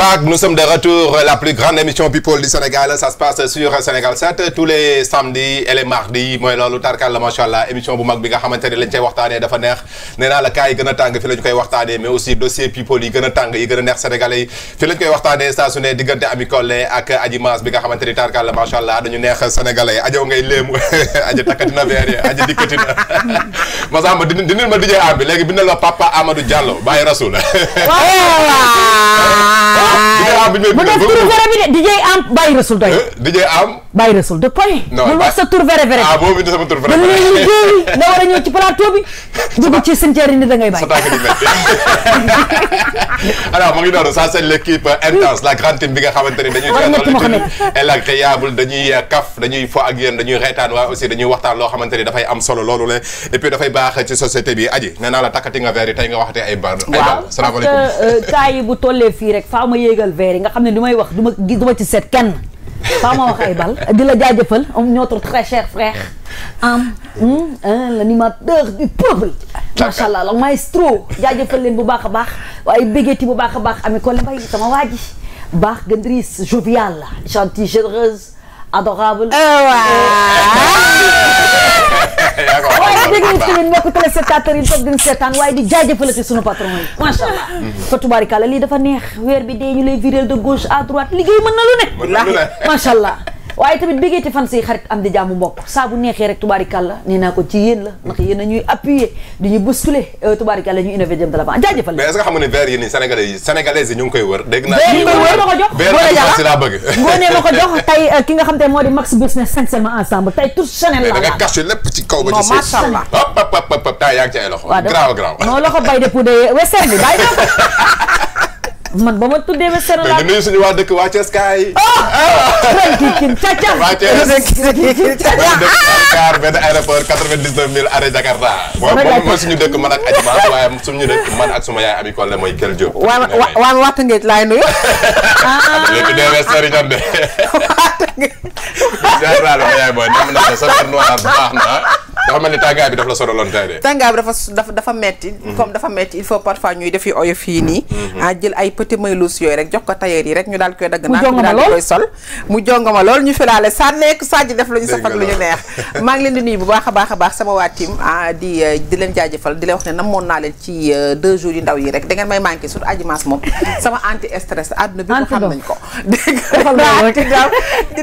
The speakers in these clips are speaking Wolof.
back. Nous sommes de retour. La plus grande émission People du Sénégal. Ça se passe sur Sénégal 7 tous les samedis et les mooy loolu tarkal la macha allah émission bu mag bi nga xamante ne lañ cay dafa neex nee la kaay gën a tàng fi lañ koy waxtaanee mais aussi dossier People yi gën a tàng yi gën a neex sénégalais yi fi lañ koy waxtaanee saa su ne diggante Ami ak Adji Mass bi nga xamante ni la macha allah dañu neex sénégalais waay bu def tur vrai bi de DJ Am bàyyi rasul doy. Eh, DJ Am. bàyyi rasul de point. non wax sa tur vrai vrai. ah boobu sama tur vrai vrai liggéey nga war a ñëw ci plateau bi. dugg ci cimetière ni da ngay bàyyi. alors mu ngi noonu ça c'est l'équipe intense la grande team bi nga xamante ni dañuy. et l'agréable dañuy euh, kaf dañuy fo ak yéen dañuy reetaan waaye aussi dañuy waxtaan loo xamante ni dafay am solo loolu la et puis dafay baax ci société bi aji nee naa la takkati nga verre yi tey nga waxatee ay bar ay bal salaamaaleykum euh, yéegal verre yi nga xam ne li may wax du ma gis du ma ci seet kenn faa ma wax ay bal di la jaajëfal am notre très cher frère am l'animateur du peuple macha allah la maestro jaajëfal leen bu baax a baax waaye bégeeti bu baax a baax ami ko mbay sama waa ji baax gandris jovial gentille généreuse adorable eh mbokk téléspectateurs yi toog di seetaan waaye di jaajëfal ci sunu patron yi macha allah. Mhm. fa tubaarikàlla lii dafa neex weer bi dee ñu lay virer de gauche à droite liggéey mën na lu ne. macha allah. waaye tamit bëggee ci fan si xarit am di jaamu mbokk saa bu neexee rek tubaarikàlla nee naa ko ci yéen la ndax yéen a ñuy appuyer di ñu bousculer euh, tubaarikàlla ñu innover jëm de l'avant jaajëfal mais est-ce que xam nga ne verre yi nii sénégalais yi sénégalais yi ñu ngi koy wër dégg naa ñu koy wër ma ko jox Ngoné Jalla si laa bëgg Ngoné ma ko jox tey euh, ki nga xam te moo di Max Business sincèrement ensemble tey tout Chanel la da nga caché lépp ci kaw ba ci suuf macha allah hop hop hop taa yaa ngi ci ay loxo grave grave non loxo bay de pour de western bi bàyyi naa ko man ba ma tuddee Western laa. mais nuyu suñu waa dëkk waa Thiès kaay. ren kii kii caca. waa Thiès benn aéroport 99000 arrêt Jakarta. mooy suñu dëkk man ak Adji a waaye suñu dëkk man ak suma yaay Ami Collé mooy Kell Diop. waaw waaw waaw waxtu ngeen laay nuyu. ah léegi de Western yi ñoom de. général wax yaay booy nam na sa noir baax na dafa mel ni tàngaay bi dafa la sonaloon tey de. tàngaay bi dafa dafa dafa metti mm-hmm. comme dafa metti il faut parfois ñuy def yu oyof yi nii. Mm-hmm. ah jël ay petit maillots yooyu rek jox ko tailleur yi rek ñu daal koy dagg. mu jongoma lool koy sol. mu jongoma lool ñu filaale sànneeku sàjj def di a baax a baax ah, eh, di leen jaajëfal di leen wax ne namoon naa leen ci eh, deux jours yu ndaw yi rek da ngeen may manqué surtout aji maas moom sama anti stress àdduna bi ko xam nañ ko dégg nga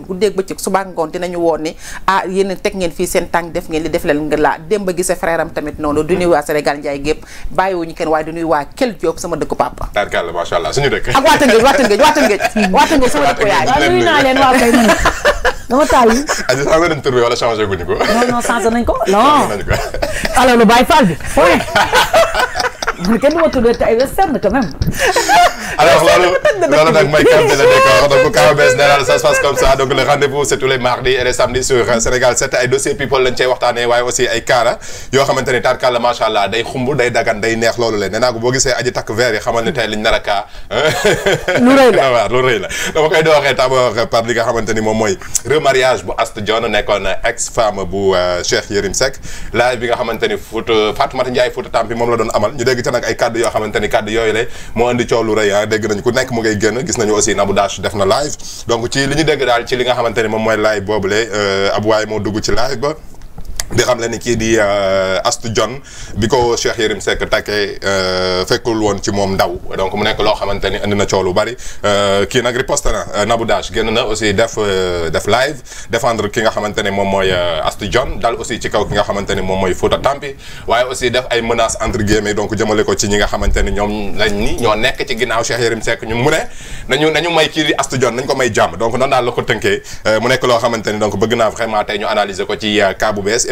ñun guddeeg bëccëg suba ngoon dinañu woon ni ah yéen teg ngeen fii seen tànk def ngeen li def leen laa démb gi sa frère tamit noonu du nuyu Sénégal njaay gépp bàyyiwuñu kenn waaye du nuyu waa Kell Diop sama dëkku papa barkalla macha allah suñu dëkk ak waa Tëngéej waa Tëngéej waa Tëngéej yaay waaw nuyu naa leen waa kay man dama tàyyi aji changé nañ tur bi wala changé guñu ko non non changé nañ ko non lu bàyyi Fall bi man kenn du ma tuddee te ay western quand même. alors loolu loolu nag mooy camp de le décor donc KBS nee naa ça comme euh, ay dossier people lañ cay waxtaanee waaye aussi ay kaara yoo xamante la nee naa ko boo a li nga xamante ni moom mooy bu Astou Dione nekkoon ex femme bu euh, Cheikh Yérim Seck bi nga xamante ni Fouta Fatoumata Ndiaye Fouta Tampi moom la doon amal ñu dégg nag ay kàddu yoo xamante ni kàddu yooyu la moo andi coow lu rëy ah nañu ku nekk mu ngay génn gis nañu aussi Nabou Dash def na live donc ci li ñu dégg daal ci li nga xamante ni moom mooy live boobule euh, ab waay moo dugg ci live ba di xam la ni kii di euh, Astou Dione bi ko Cheikh Yérim Seck takkee euh, fekkul woon ci moom ndaw donc mu nekk loo xamante ni indi na coow lu bari euh, kii nag riposte na Nabou Dash génn na aussi def def live défendre ki nga xamante ni moom mooy Astou Dione dal aussi ci kaw ki nga xamante ni moom mooy Fouta Tampi waaye aussi def ay menaces entre guillemets donc jëmale ko ci ñi nga xamante ni ñoom lañ ni ñoo nekk ci ginnaaw Cheikh Yérim Seck ñu mu ne nañu nañu may kii di Astou Dione nañ ko may jàmm donc noonu daal la ko tënkee mu nekk loo xamante ni donc bëgg naa vraiment tey ñu analyser ko ci cas bu bees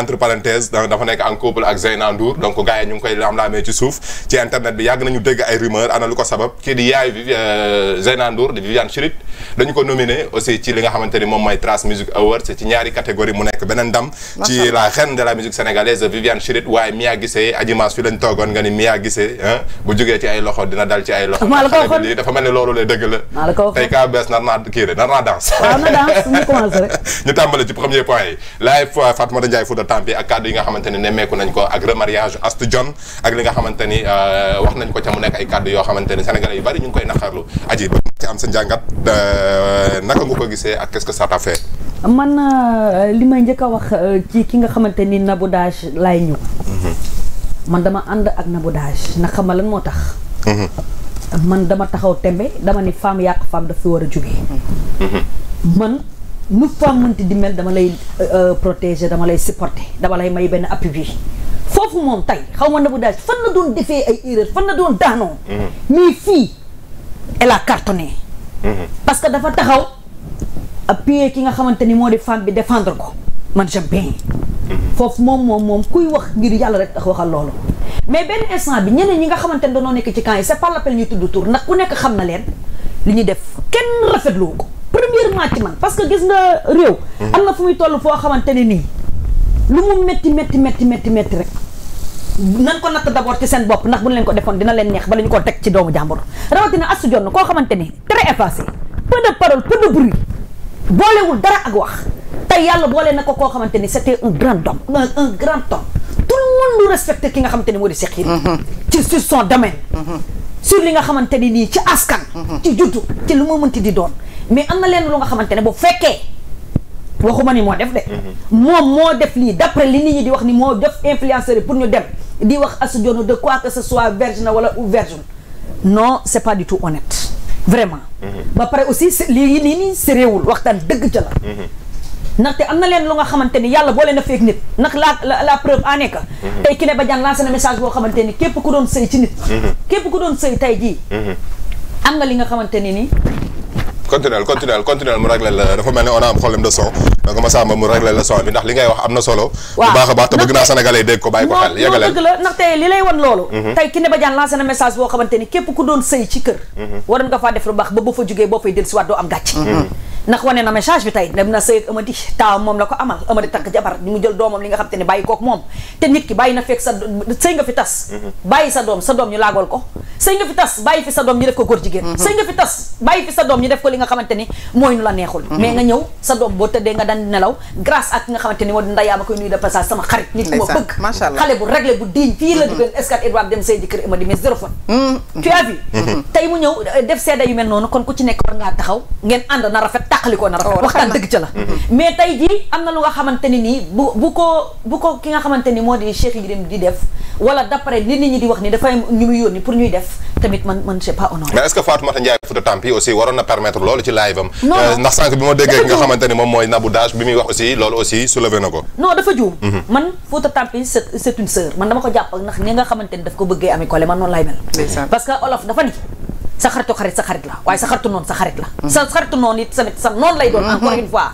entre parenthèses dafa nekk en couple ak Zeyna donc gars ñu ngi koy lamlamee ci suuf ci internet bi yàgg nañu dégg ay rumeur ana lu ko sabab kii di yaay bi euh, di Viviane Chidid dañu ko nominé aussi ci li nga xamante ni moom mooy Trace Music Awards ci ñaari catégorie mu nekk beneen ndam ci la reine de la musique sénégalaise Viviane Chidid waaye Mia Guissé Adji Mass fi lañ toogoon nga ni Mia Guissé bu jógee ci ay loxo dina dal ci ay dafa mel ni loolu la tey kaa bees nar naa kii de nar temps bi ak kàddu yi nga xamante ni nemmeeku nañ ko ak remariage Astou Dione ak li nga xamante ni euh, wax nañ ko ca mu nekk ay kàddu yoo xamante ni sénégalais yu bari ñu ngi koy naqarlu aji ba ci am sa njàngat euh, naka nga ko gisee ak qu'est-ce que ça t'a fait man euh, li may njëkk a wax ci ki nga xamante ni Nabou Dash laay ñëw mhm. man dama ànd ak Nabou Dash na xam lan moo tax mhm. man dama taxaw tembe dama ni femme yàq femme daf war a jóge mhm. man nu faa mënti di mel dama lay euh, euh, protégé dama lay supporter dama lay may benn appui foofu moom tey xaw ma Nabou Dash fan la doon defee ay erreur fan la doon daanoo. Mhm. mais fii elle a cartonné. Mhm. parce que dafa taxaw appuyer ki nga xamante ni moo di femme bi défendre ko man j'aime mhm. foofu moom moom moom kuy wax ngir yàlla rek tax waxal loolu. mais benn instant bi ñeneen ñi nga xamante ne dañoo nekk ci camp yi c'est pas la peine ñu tudd tur ndax ku nekk xam na leen li ñuy def kenn rafetlu ko. biir màcc man parce que gis nga réew. am na fu muy toll foo xamante ne nii lu mu métti métti métti métti métti rek. nan ko natt d'abord ci seen bopp ndax bu ñu leen ko defoon dina leen neex bala ñu ko teg ci doomu jàmbur rawatina Astou Dione koo xamante ni très effacé peu de parole peu de bruit boolewul dara ak wax tey yàlla boole na ko koo xamante ni c'était un grand homme un grand homme tout le monde ki nga xamante ni moo di Cheikh Yérim mm-hmm. ci sur son domaine mm-hmm. sur li nga xamante ni nii ci askan mm-hmm. ci juddu ci lu mu mënti di mais am na leen lu nga xamante ne bu fekkee waxuma ni moo def de. Mhm. moom moo def lii d'après li nit ñi di wax ni moo def influenceurs pour ñu dem di wax Astou Dione de quoi que ce soit vierge na wala ou vierge non c'est pas du tout honnête vraiment. Mhm. ba pare aussi lii nii nii séréwul waxtaan dëgg ca la. Mhm. ndaxte am na leen lu nga xamante ni yàlla leen na feek nit ndax la la preuve en est que tey Kine Badiane lancé na message boo xamante ni képp ku doon sëy ci képp ku doon sëy tey jii am li nga xamante ni nii continuel continuel continuel mu réglé la dafa mel ni on a am problème de son donc Massamba mu réglé la son bi ndax li ngay wax am na solo bu baax a baax te bëgg naa sénégalais dégg ko bàyyi ko xel yegale ndax tey li lay wan loolu mhm. tey Kiné Badiane lancé na message boo xamante ni képp ku doon sëy ci kër mhm. waroon nga faa def lu baax ba boo fa jógee boo fay dellusiwaat doo am gàcc mhm. ndax wane na message bi tey dem na sëy ak Amady taaw moom la ko amal Amady takk jabar ñu mu jël doomam li nga xam te ne bàyyi kook moom te nit ki bàyyi na fekk sa sëy nga fi tas mhm. bàyyi sa doom sa doom ñu laagool ko sëy nga fi tas bàyyi fi sa doom ñu def ko góor jigéen mhm. sëy nga fi tas bàyyi fi sa doom ñu def li nga xamante ni mooy nu la neexul mhm. mais nga ñëw sa doom boo tëddee nga daan nelaw grâce ak nga xamante ni moo ndayaa ma koy nuyu de passage sama xarit nit ku ma xale bu réglé bu diiñ fii la duggeen mu ñëw euh, def seeda yu mel noonu kon ku ci nekk war ngaa taxaw ngeen ànd na rafet tàqalikoo na rafet oh, waxtaan dëgg ca la mm-hmm. mais tey jii am na lu nga xamante ni nii bu bu ko bu ko ki nga xamante moo di Cheikh Yérim di def wala d'après li nit ñi di wax ni dafay ñu muy yónni man man euh, ma déggee nga moom mooy Nabou Dash bi muy wax aussi loolu aussi soulevé na ko non dafa juum mm-hmm. man Fouta Tampi c'est une man dama ko jàpp ndax ni nga xamante daf ko bëggee ami collé man noonu lay mel parce que olof dafa ni sa xaritu xarit sa xarit la waaye sa xaritu lay doon encore une fois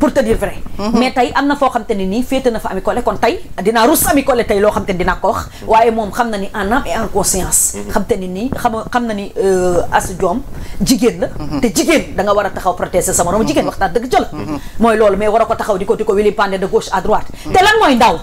pour te dire vrai mais tey am na foo xam te ne nii féete na fa Ami Collé kon tey dinaa rus Ami Collé tey loo xam te ne dinaa ko wax waaye moom xam na ni en âme et en conscience xam te ne nii xam xam na ni euh, Astou Diom jigéen la te jigéen da nga war a taxaw protéger sa moroom jigéen wax naa dëgg jël mooy loolu mais war a ko taxaw di ko di ko de gauche à te lan mooy ndaw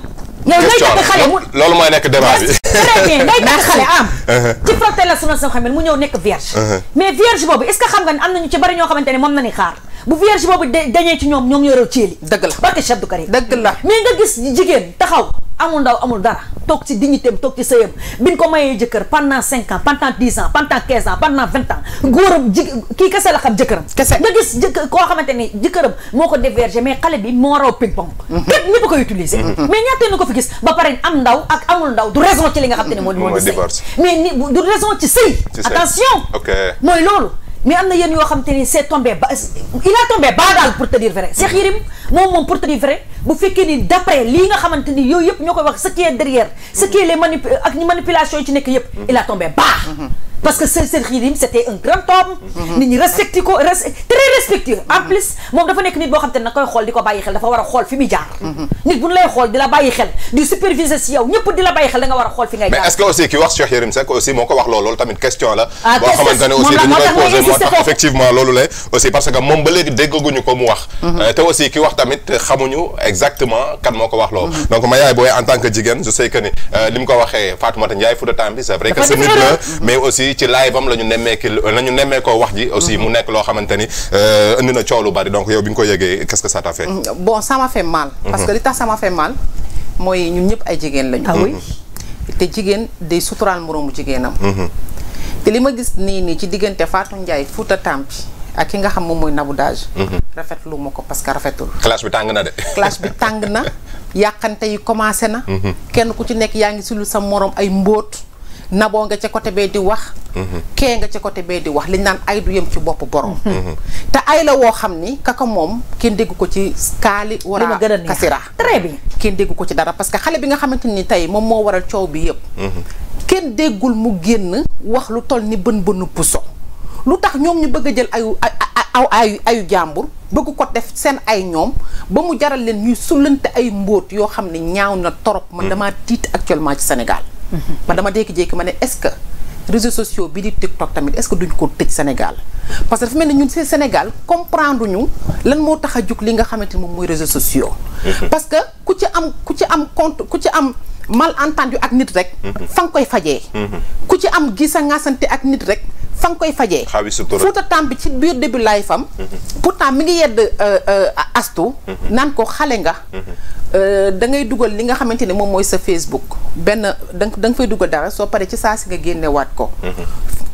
yow day loolu mooy nekk débat bi. très bien day xale am. Uh-huh. ci frotté la suna soo xam ne mu ñëw nekk vierge. Uh-huh. mais vierge boobu est xam nga ne am na ci bari ñoo xamante ne moom na ni xaar bu vierge boobu dañee ci ñoom ñoo ngi yoroo ceeli. dëgg la barke Cheikh Abdou Karim. dëgg la mais jigéen taxaw. amul ndaw amul dara toog ci dignité am toog ci sëyam bi ko mayee jëkkër pendant cinq ans pendant dix ans pendant quinze ans pendant vingt ans góoram ji kii kese a xam jëkkëram kese nga gis jëkk koo xamante ni jëkkëram moo ko dévergé mais xale bi moo raw ping pong mm-hmm. képp ñëpp koy utiliser mm-hmm. mais ñaatee na ko fi gis ba pare am ndaw ak amul ndaw du raison ci li nga xam te ne moo di moo di sëy mais ni du raison ci sëy attention mooy loolu mais am na yen yoo xam te ni c'est tombé ba il a tombé bas daal pour te dire vrai Cheikh Yérim moom moom pour te dire vrai bu fekkee ni d'après nga xamante ni yooyu yëpp ñoo koy wax ce qui est derrière ce qui est les manip ak manipulation ci nekk yëpp il a tombé bas parce que Seydi Khadim c'était un grand homme. Mhm. nit ñi très respectueux. en plus moom dafa nekk nit boo xam te ne koy xool di ko bàyyi xel dafa war a xool fi muy jaar. Mhm. nit bu ñu lay xool di la bàyyi xel di superviser si yow ñëpp di la bàyyi xel da war xool fi ngay jaar. mais est-ce que aussi ki wax Cheikh Yérim aussi moo ko wax loolu tamit question la. Ah, boo xamante effectivement loolu moom ba léegi déggaguñu ko mu wax. Mhm. Euh, te aussi ki kan moo ko wax loolu. donc ma yaay booy en tant que jigéen je sais aussi ci live am la ñu nemmeeki la ñu nemmeekoo wax ji. aussi mu nekk loo xamante ni euh, indi na coow lu bari donc yow bi nga ko yëgee quest que ça t'a fait. Mm, bon ça m'a mal. Mm-hmm. parce que li tax ça m'a mal mooy ah mm-hmm. mm-hmm. nii nii ci diggante Fatou Ndiaye Fouta Tampi ak ki nga xam moom mooy Nabou Daje. rafetlu ma ko parce que rafetul. clash bi tàng na de. clash bi tàng na yàqante yi commencé na. kenn ku ci nekk yaa ngi sulul sa moroom ay mbóot. naboo nga ca côté bee di wax. Mhm. kee nga ca côté bee di wax liñ naan ay du yem ci bopp borom. Mhm. Mhm. te ay la woo xam ni kaka moom kenn dégg ko ci kaali. wala kasira très bien kenn dégg ko ci dara parce que xale bi nga xamante ni tey moom moo waral coow bi yëpp. kenn déggul mu génn wax lu toll ni bën bënu puso lu tax ñoom ñu bëgg a jël ayu ayu ayu jàmbur bëgg ko def seen ay ñoom ba mu jaral leen ñuy sullante ay mbóot yoo xam ne ñaaw na torop man dama tiit actuellement ci Sénégal man dama jékki-jékki ma ne est-ce que réseaux sociaux bi di TikTok tamit est-ce que duñ ko tëj Sénégal parce que dafa mel ni ñun ci Sénégal comprendre ñu lan moo tax a jug li nga xamante ni moom mooy réseaux sociaux. Mm-hmm. parce que ku ci am ku ci am compte ku ci am malentendu ak nit rek. Mm-hmm. fa nga koy fajee. Mm-hmm. ku ci am gisa ngasante ak nit rek. fa nga koy fajee Fouta bi ci biir début life am temps mi ngi yedd euh, euh, astu naan ko xale nga Euh, da ngay dugal li nga xamante ne moom mooy sa Facebook benn da nga fay dugal dara soo paree ci saa si nga waat ko. Mhm.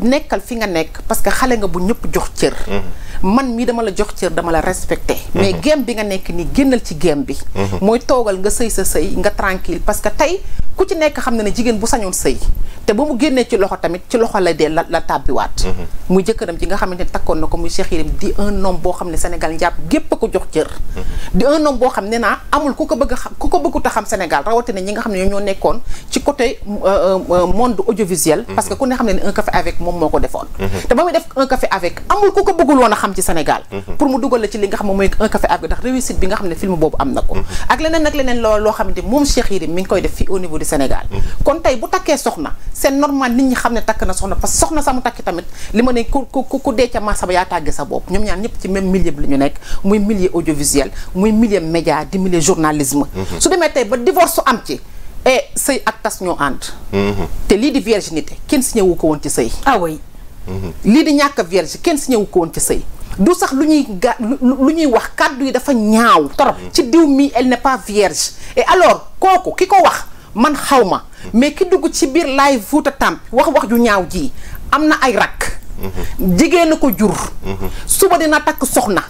nekkal fi nga nekk parce que xale nga bu ñëpp jox cër. Mhm. man mii dama la jox cër dama la respecté. Mhm. mais gem bi nga nekk nii génnal ci gem bi. mooy toogal nga sëy sa sëy nga tranquille parce que tey ku ci nekk xam na ne jigéen bu sañoon sëy te ba mu génnee ci loxo tamit ci loxo la dee la la tàbbiwaat. muy jëkkëram ji nga xamante ne takkoon na ko muy Cheikh Yérim di un boo xam ne Sénégal njàpp gépp ko jox bëgg ko bëggut xam Sénégal rawatina ñi nga xam ne ñoo nekkoon ci côté euh, euh, euh, monde audiovisuel mm-hmm. parce que ku ne xam ne ne mm-hmm. un café avec amul ku ko bëggul a xam ci Sénégal mm-hmm. pour mu dugal la ci li nga xam ne film boobu am na ko ak leneen ak leneen loolu loo xamante moom Cheikh Yérim mi ngi koy def fii au niveau du Sénégal kon tey bu takkee soxna c'est normal nit ñi xam ne takk na soxna parce que soxna sama takki tamit li ma ne ku ku ku dee ca maasaba yaa tàgge banditisme. Mhm. su demee tey ba divorce su am ci. et eh, sëy ak tas ñoo ànd. Mhm. te lii di virginité kenn si ñëwu ko woon ci sëy. ah oui. Mhm. lii di ñàkk vierge kenn si ñëwu ko woon ci sëy. du sax lu ñuy ga lu ñuy wax kàddu yi dafa ñaaw. trop ci diw mi elle n'est pas vierge. et alors kooku ki ko wax man xaw ma. mais ki dugg ci biir laay vuuta tàmp wax wax ju ñaaw ji am na ay rakk. jigéen ko jur. suba dina takk soxna.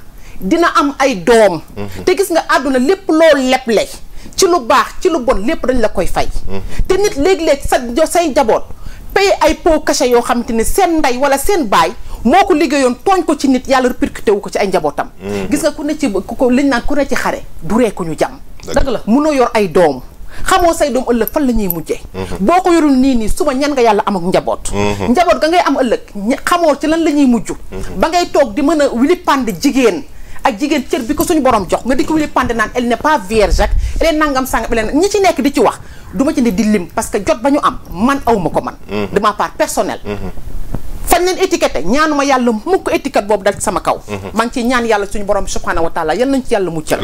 dina am ay doom mhm. te gis nga àdduna lépp loo leble ci lu baax ci lu bon lépp dañ la koy fay mhm. te nit léeg-léeg sa say njaboot pay ay pots cachets yoo xam te ne seen ndey wala seen baay moo ko liggéeyoon tooñ ko ci nit yàlla répercuté wu ko ci ay njabootam mhm. gis nga ku ne ci ko liñ naan ku ne ci xare du ree ko ñu jàmm dëgg la munoo yor ay doom xamoo say doom ëllëg fan la ñuy mujjee boo ko yorul nii nii su ma ñan nga yàlla am ak njaboot njaboot ga ngay am ëllëg xamoo ci lan la ñuy mujj ba ngay toog di mën a wili pand jigéen ak jigéen cër bi ko suñu borom jox nga di ko wili pande naan elle n'est pas vierge ak elle est nangam sàngam elle ñi ci nekk di ci wax du ma ci ne di lim parce que jot ba ñu am man awma ko man mm-hmm. de ma personnel mm-hmm. fañ leen étiqueté ñaanuma yàlla mukk étiquette boobu dal sama kaw mhm. maa ngi ñaan yàlla suñu borom subhanahu wa taala yal nañ ci yàlla muccal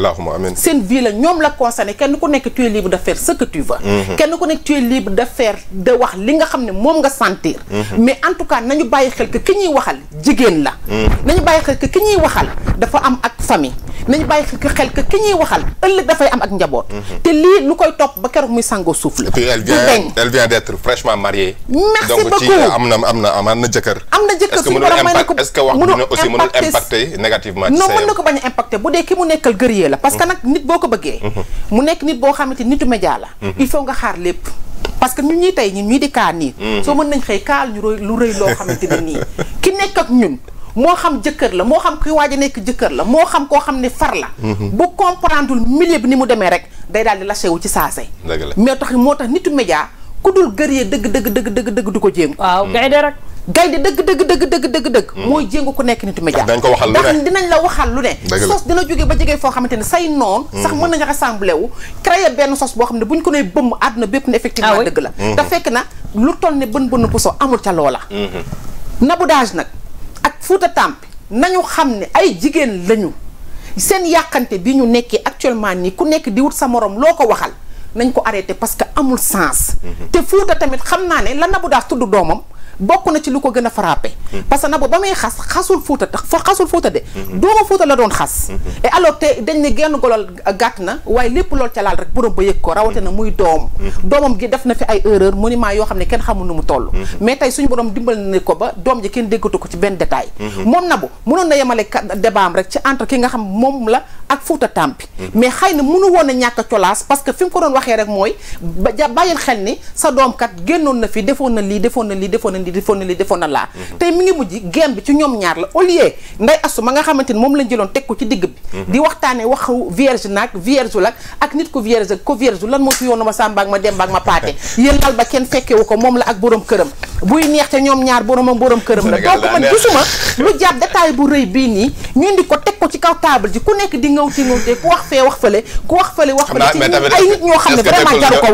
seen vie la ñoom la concerné kenn ku nekk tu libre de faire ce que mhm. kenn ku nekk tu libre de faire de wax li nga xam ne moom nga sentir mhm. mais en tout cas nañu bàyyi xel ki ñuy waxal jigéen la nañu bàyyi xel ki ñuy waxal dafa am ak famille nañu bàyyi xel ki ñuy waxal ëllëg dafay am ak njaboot ba keroog muy sangoo suuf la elle vient d'être fraîchement am na jëkkër suñu borom may na ko est-ce que wax dina aussi mënul impacter négativement non mën na ko bañ a impacter bu dee ki mu nekkal gërëyee la parce que nag nit boo ko bëggee mhm. mu nekk nit boo xamante nitu média la mhm. il faut nga xaar lépp parce que ñun ñii tey ñun ñii di kaa nii mhm. soo mën nañ xëy kaal ñu lu rëy loo xamante ne nii ki nekk ak ñun moo xam jëkkër la moo xam kuy waaj a nekk jëkkër la moo xam koo xam ne far la bu comprendreul milieu bi ni mu demee rek day daal di lâché wu ci saase mais tax moo tax nitu média ku dul gër yee dëgg dëgg dëgg dëgg dëgg du ko jéem waaw gaynde rek gaynde dëgg dëgg dëgg dëgg dëgg dëgg hmm. mooy jéngu ku nekk nitu média dañ ko waxal lu ne dinañ la waxal lu ne sos dina jógee ba jege foo xamante ne say noon hmm. sax mën nañu rassemblé wu créer benn sos boo xam ne bu ñu ko nee bëmm àdduna bépp ne effectivement ah dëgg la hmm. te fekk na lu toll ne bën bënn puso amul ca loola nabudage nag ak fuuta tàmpi nañu xam ne ay jigéen lañu seen yàqante bi ñu nekkee actuellement nii ku nekk di wut sa moroom loo ko waxal nañ ko arrêté parce que amul sens te fuuta tamit xam naa ne la nabudaas tudd doomam bokk na ci lu ko gën a frappé mm-hmm. parce que Nabou ba muy xas xasul Fuuta fa xasul Fuuta de mm-hmm. doomu Fuuta la doon xas mm-hmm. et alors te dañ ne genn golol gàtt na waaye lépp lool ca laal rek borom ba yëg ko rawate na muy doom doomam gi def na fi ay erreur monument yoo xam ne kenn xamul nu mu toll mais tey suñu borom dimbal na ko ba doom ji kenn déggatu ko ci benn détail moom Nabou mënoon yemale débat rek ci entre ki nga xam moom la ak Fuuta Tampi mais na mënu woon a ñàkk colaas parce que fi ko doon waxee rek mooy bàyyil xel ni sa doom kat na fi defoon na defoon na ji defoon na li defoon na laa tey mi ngi mujj gem bi ci ñoom ñaar la au lieu nday asu ma nga xamante ni moom lañ jëloon teg ko ci digg bi mhm. di waxtaane wax vierge naag vierge lak ak nit ko vierge ko vierge lan moo ci yoonu ma moom la ak borom këram buy neex te ñoom ñaar boromam borom këram la donc man gisuma lu jàpp détail bu rëy bii nii ñu indi ko teg ko ci kaw table ji ku nekk di ngaw ci ngaw te ku wax fee wax fële ku wax fële wax fële ci ay nit ñoo xam ne vraiment jaru ko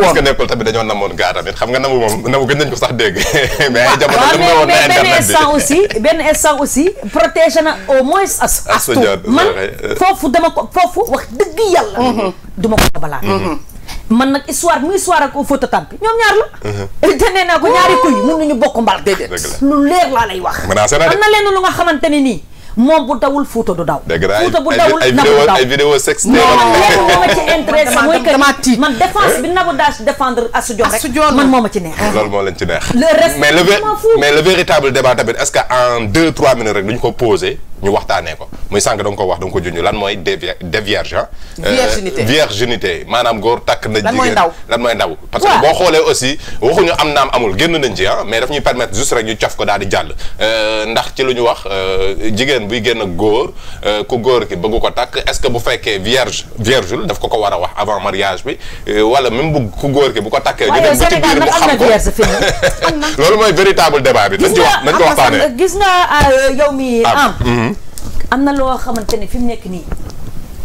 jamono da nga benn instant aussi benn instant aussi protégé na au moins as astu man foofu dama ko foofu wax dëgg yàlla du ko abalaat man nag histoire mu histoire ak Fouta Tampi ñoom ñaar la te ñaari kuy mun nañu bokk mbal déedéet lu leer lay wax am na lenn lu nga xamante ne nii moom bu dawul Fouta du daw. Fouta bu dawul Nabou du daw ay vidéo sexte mooma ci intéressé mooy que man défense bi Nabou Dash défendre Astou Dione rek man mooma ci neex. loolu moo leen ci neex. le reste mais le mais le véritable débat tamit est-ce que en deux trois minutes rek duñ ko poser ñu waxtaanee ko muy sànq da ko wax da nga ko junj lan mooy dévierge ah. euh, virginité unité maanaam góor takk na jigéen lan mooy ndaw parce que boo xoolee aussi waxuñu am naam amul génn nañ ci ah mais daf ñuy permettre juste rek ñu cof ko daal di jàll euh, ndax ci lu ñu wax euh, jigéen buy génn góor ku góor ki bëggu ko takk est-ce que bu fekkee vierge viergeul daf ko ko war a wax avant mariage bi wala même bugg ku góor ki bu ko takkee ñu dem bii ci loolu mooy véritable débat bi nañ nañ ko waxtaanee gis am na loo xamante ne fi mu nekk nii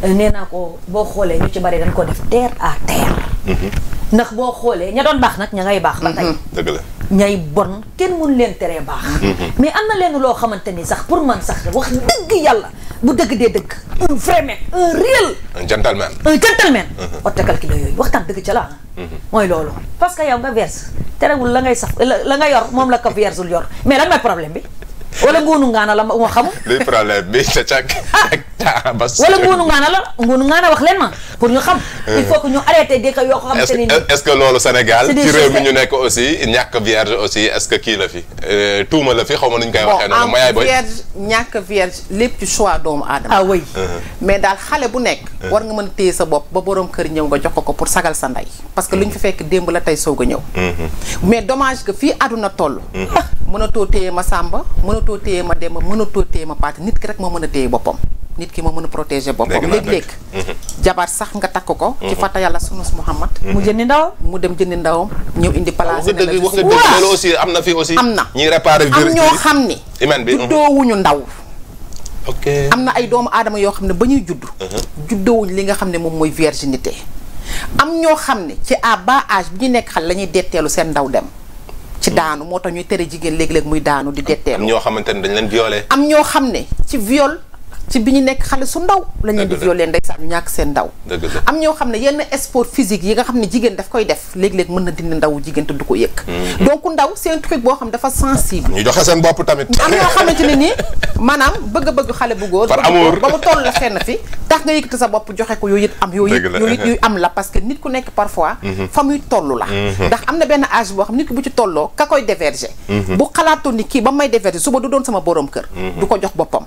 euh, nee naa ko boo xoolee ñu ci bari dañ ko def terre à terre. Mhm. ndax boo xoolee ña doon baax nag ña ngay baax. ba tey mhm. dëgg ñay bon kenn mun leen teree baax. Mhm. mais am na leen loo xamante ni sax pour man sax wax dëgg yàlla bu dëgg dee dëgg. un vrai mec un réel. un gentleman un gentleman. oto calculé yooyu waxtaan dëgg ca la ah. mooy loolu parce que yow nga verse terewul la ngay sax la nga yor moom la ko versul yor mais la mooy problème bi. wala nguunu ngaana la ma xamul. luy nguunu ngaana wax leen ma pour ñu xam. Euh. il faut que ñu arrêté di ko yoo xamante ne nii. est-ce que loolu Sénégal. ci réew mi ñu nekk aussi ñàkk vierge aussi est kii la fi. Euh, tuuma la fi xaw ma nu ñu koy waxee noonu. mayaay booy vierge ñàkk vierge lépp ci choix doomu aadama. ah oui. Euh. mais daal xale bu nekk. war nga mën téye sa bopp ba borom kër ñëw nga jox ko ko pour sagal sa ndey. parce que lu ñu fi mmh. fekk démb la tey soog a ñëw. Mmh. mais mënatoo téye ma dem mënatoo téye ma paate nit ki rek moo mën a téye boppam nit ki moo mën a protéger boppam léeg-léeg mhm. jabar sax nga takk ko ci mhm. fàtta yàlla sunu Muhammad mhm. mu jëndi ndaw mu dem jëndi ndawam ñëw indi ah, place wax nga dëgg wax nga dëgg am na fi aussi am na ñuy réparer am ñoo xam ni juddoowuñu ndaw am na ay doomu aadama yoo xam ne ba ñuy judd juddoowuñu li nga xam ne moom mooy virginité am ñoo xam ne ci à ba âge bi ñu nekk xal la ñuy detteelu seen ndaw dem ci daanu moo tax ñuy tere jigéen léeg-léeg muy daanu di detteelu. am ñoo xamante ne dañ leen violé. am ñoo xam ne ci viol ci bi ñu nekk xale su ndaw lañ leen di violé ndeysaan ñu ñàkk seen ndaw am ñoo xam ne yenn sport physique yi nga xam ne jigéen daf koy def léeg-léeg mën na dindi ndaw jigéen te du ko yëg mm-hmm. donc ndaw c'est un truc boo xam dafa sensible ñu joxe seen bopp tamit am ñoo xamante ne nii maanaam bëgg-bëgg xale bu góor par amour ba mu toll la fenn fi tax nga yëkkati sa joxe ko yooyu it am yooyu it yooyu am la parce que nit ku nekk parfois mm-hmm. fa muy toll la mm-hmm. ndax am na benn âge boo xam nit ku bu ci tolloo ka koy déverger bu ni kii ba may déverger suba du doon sama borom kër du ko jox boppam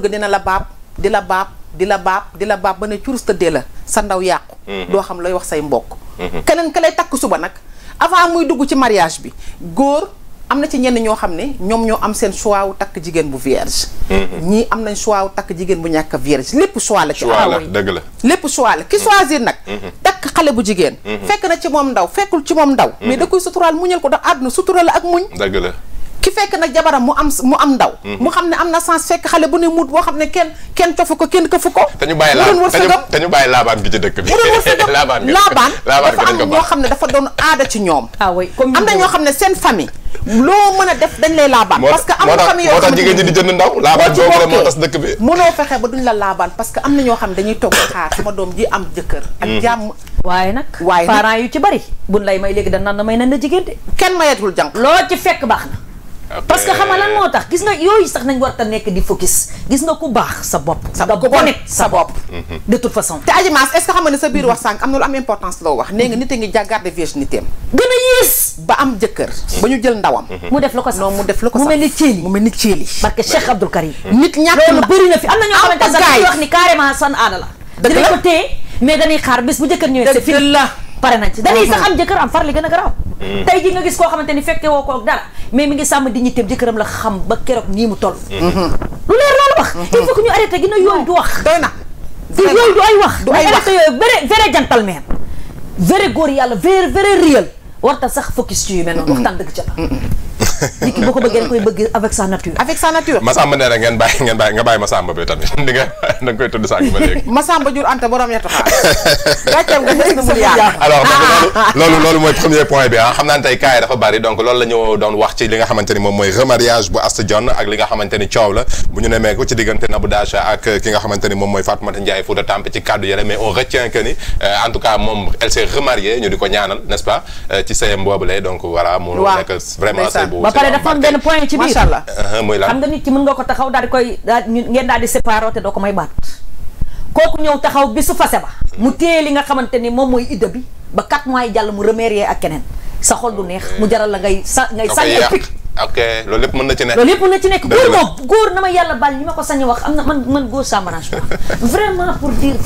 góor ga dina la baab di la baab di la baab di la baab ba ne curus tëddee la sa ndaw yàqu mhm. doo xam lay wax say mbokk mhm. keneen ka lay takk suba nag avant muy dugg ci mariage bi góor am na ci ñenn ñoo xam ne ñoom ñoo am seen choix wu takk jigéen bu vierge. Mhm. ñii am nañ choix wu takk jigéen bu ñàkk vierge lépp choix la. ci aaway dëgg la lépp choix la ki choisir nag. takk xale bu jigéen. fekk na ci moom ndaw fekkul ci moom ndaw. mais da koy suturaal muñal ko ndax àdduna sutura la ak muñ. dëgg la. ki fekk nag jabaram mu am mu am ndaw. Mhm. mu xam ne am na sens fekk xale bu ne muut boo xam ne kenn kenn cofu ko kenn këfu ko. te ñu bàyyi laabaan te ñu bàyyi ci dëkk bi. laabaan gi am ñoo dafa doon aada ci ñoom. ah oui comme loo mën dañ lay laabaan. parce que am na famille yoo xam di jënd ndaw. laabaan boobu moo tas dëkk bi. mënoo fexe ba duñ la laabaan parce que am na ñoo xam ne dañuy toog xaar sama doom ji am jëkkër ak mm. jàmm waaye nag parents yu ci bari buñ lay may léegi dañ naan na may nañ la jigéen de kenn mayetul jànq loo ci fekk baax na parce que xam nga lan moo tax gis nga yooyu sax nañ war a nekk di focus gis nga ku baax sa bopp. sa bopp sa bopp. Mhm. de toute façon. te Adji est-ce que ne sa biir wax sànq am na lu am importance loo wax ne nga nit a ngi jàggaarde virginité am. jëkkër. Mhm. ba ñu jël ndawam. Mhm. mu def la ko sax mu def la ko sax mu mel parce que Cheikh Abdoul Karim. nit ñàkk loolu bëri fi am na ñoo ah, xamante ne sax wax ni carrément san aada la. dëgg la ko téye mais dañuy xaar bés bu jëkkër ñëwee. c'est fini pare nañ ci dañuy sax am jëkkër am far li gën a garaaw Mm. tey ji nga gis koo xamante ni fekke woo ko dara mais mi ngi sàmm dignité jëkkëram la xam ba keroog nii mu toll mm-hmm. Mm-hmm. lu leer loolu wax mm-hmm. il faut que ñu arrêté gina yooyu du wax doy na di yooyu du ay wax ay arrêté yooyu vrai vrai gentleman vrai góor yàlla vrai vrai réel warta sax focus ci yu mel noonu waxtaan dëgg ca la nit ki boo ko bëggee da koy bëgg avec sa nature. avec sa nature. Massamba nee na ngeen bàyyi ngeen bàyyi nga bàyyi Massamba bi tamit di nga da nga koy tudd sànq ba léegi. Massamba jur Anta borom ñetti xaar. gàcceem nga nekk mu yaatu. alors ah, ah. loolu loolu mooy premier point bi ah xam naa ne tey cas yi dafa bari donc loolu la ñu doon wax ci li nga xamante ni moom mooy remariage bu Astou Dione ak li nga xamante ni coow la bu ñu nemee ko ci diggante Nabou Dacha ak ki nga xamante ni moom mooy Fatoumata Ndiaye Fouta Tampi ci kàddu yële mais on retient que ni euh, en tout cas moom elle s'est remariée ñu di ko ñaanal n'est-ce pas euh, ci sëyam boobu lay donc voilà mu nekk vraiment sëy bu ba pare dafa am benn point ci biir macha allah mooy la xam nga nit ki mën nga ko taxaw daal di koy daal ngeen daal di séparé te doo ko may baat kooku ñëw taxaw bi su fase ba mu téye li nga xamante ni moom mooy idda bi ba 4 mois yi jàll mu yee ak keneen sa xol du neex mu jaral la ngay sa ngay sànni pic ok loolu lépp mën na ci nekk. loolu lépp góor moom góor na ma yàlla baal li ma ko sañ wax am na man man góor ça m'arrange pas vraiment pour dire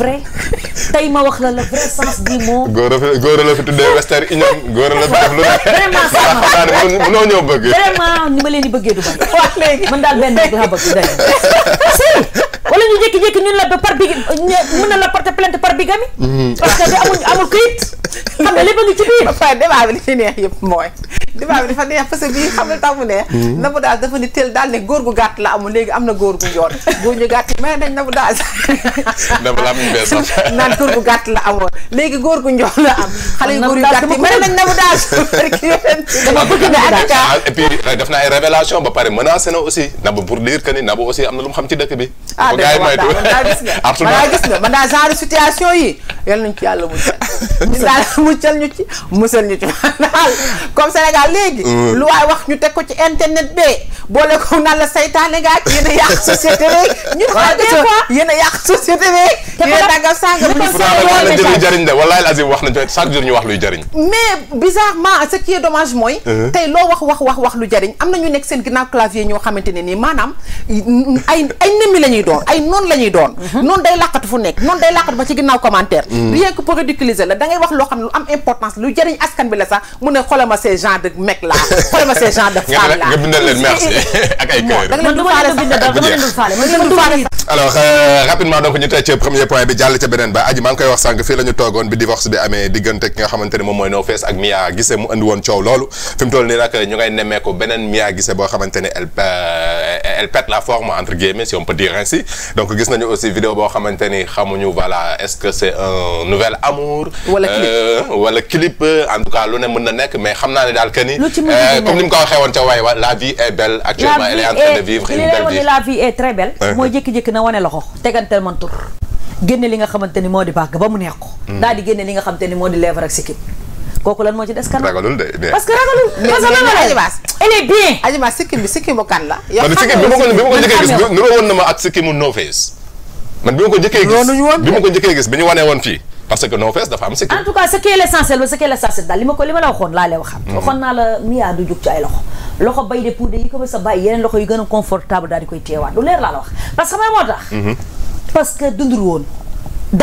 ma góor la fi góor la fi tuddee Western Union góor la fi def ba nekk. vraiment ça m'arrange mënoo ñëw bëgg. vraiment ni ma leen di du bëri. waaw léegi man bëgg day wala ñu jékki-jékki ñun la ba par bi mën na la porter plainte par bigamie. Mhm. parce que amul amul këyit xam nga lépp a ngi ci biir. ba pare débat bi li ci neex yëpp mooy débat bi dafa neex parce que bii xam nga tax mu neex. Hmm. nabu daal dafa ni teel daal ne góor gu gàtt la amul léegi am na góor gu njool góor ñu gàtt yi may nañ nabu daal. nabu la am ñu bees sax. gàtt la amoon léegi góor gu njool la am. xale yu góor yu gàtt yi may nañ nabu daal. dama bëgg na en ah, et puis def na ay révélation ba pare menacé na aussi nabu pour dire que ni nabu aussi am na lu mu xam ci dëkk bi. ah dëgg la waaw daal gis nga. ab tubaab gis nga yi yal nañu ci yàlla muccal. ñu daal muccal ñu ci musal ñu ci comme Sénégal Sénégal léegi euh. lu waay wax ñu teg ko ci internet bee boole ko naan la saytaane nga ak yéen a yàq société rek ñu xam des fois yéen a yàq société rek yéen a daggal sànga bu luy jëriñ de walaay la azim wax na chaque jour ñu wax luy jëriñ mais bizarrement ce qui est dommage mooy euh. tey loo wax wax wax lu jëriñ am na ñu nekk seen ginnaaw clavier ñoo xamante ne nii maanaam ay ay nemi la ñuy doon ay noon la ñuy doon mhm. noonu day làqatu fu nekk noonu day làqatu ba ci ginnaaw mm. wax loo xam ne lu am lu jëriñ askan bi la sax mu mec là xoolal ma ces genre de femme là nga bindal leen merci ak ay kër man duma leen bind dama euh, ñu tey bi jàll ca beneen ba aji maa ngi koy wax sànq fii la ñu toogoon bi divorce bi amee diggante ki nga xamante moom mooy No Face ak Mia Guissé mu andi coow loolu fi toll nii nag ñu ngay nemmeeku beneen Mia Guissé boo xamante ni elle euh, la forme entre guillemets si on peut dire ainsi donc gis nañu aussi vidéo boo xamante ni xamuñu voilà est-ce que c'est un nouvel amour wala clip euh, wala clip en tout cas lu ne mën na nekk mais xam naa ne daal ni euh, comme ni mu ko waxee woon ca waay wa la vie est belle actuellement elle est en la vie est très mooy jékki-jékki na wane loxo tegantel man tur génne li nga xamante ni moo di bàgg ba mu neex ko hmm. daal di génne li nga xamante ni moo di lèvre ak sikkim kooku lan moo ci des ragalul de parce que ragalul parce que ragalul Adjibas elle est bien Adjibas sikkim bi sikkimu kan la yow sikkim bi ma ko bi ma ko njëkkee gis woon na bi ñu wanee woon fii parce que NoFest dafa am en tout cas ce qui est l' ba ce qui est l' daal li ma ko li ma la waxoon laa waxaat. Mhm. waxoon naa la miyaa du jug ci loxo. loxo bay de puudar yi ko ba sa bàyyi yeneen loxo yu gën a confortable daal di koy teewaat lu leer laa la wax parce que xam nga moo tax. Mhm. parce que dundul woon d'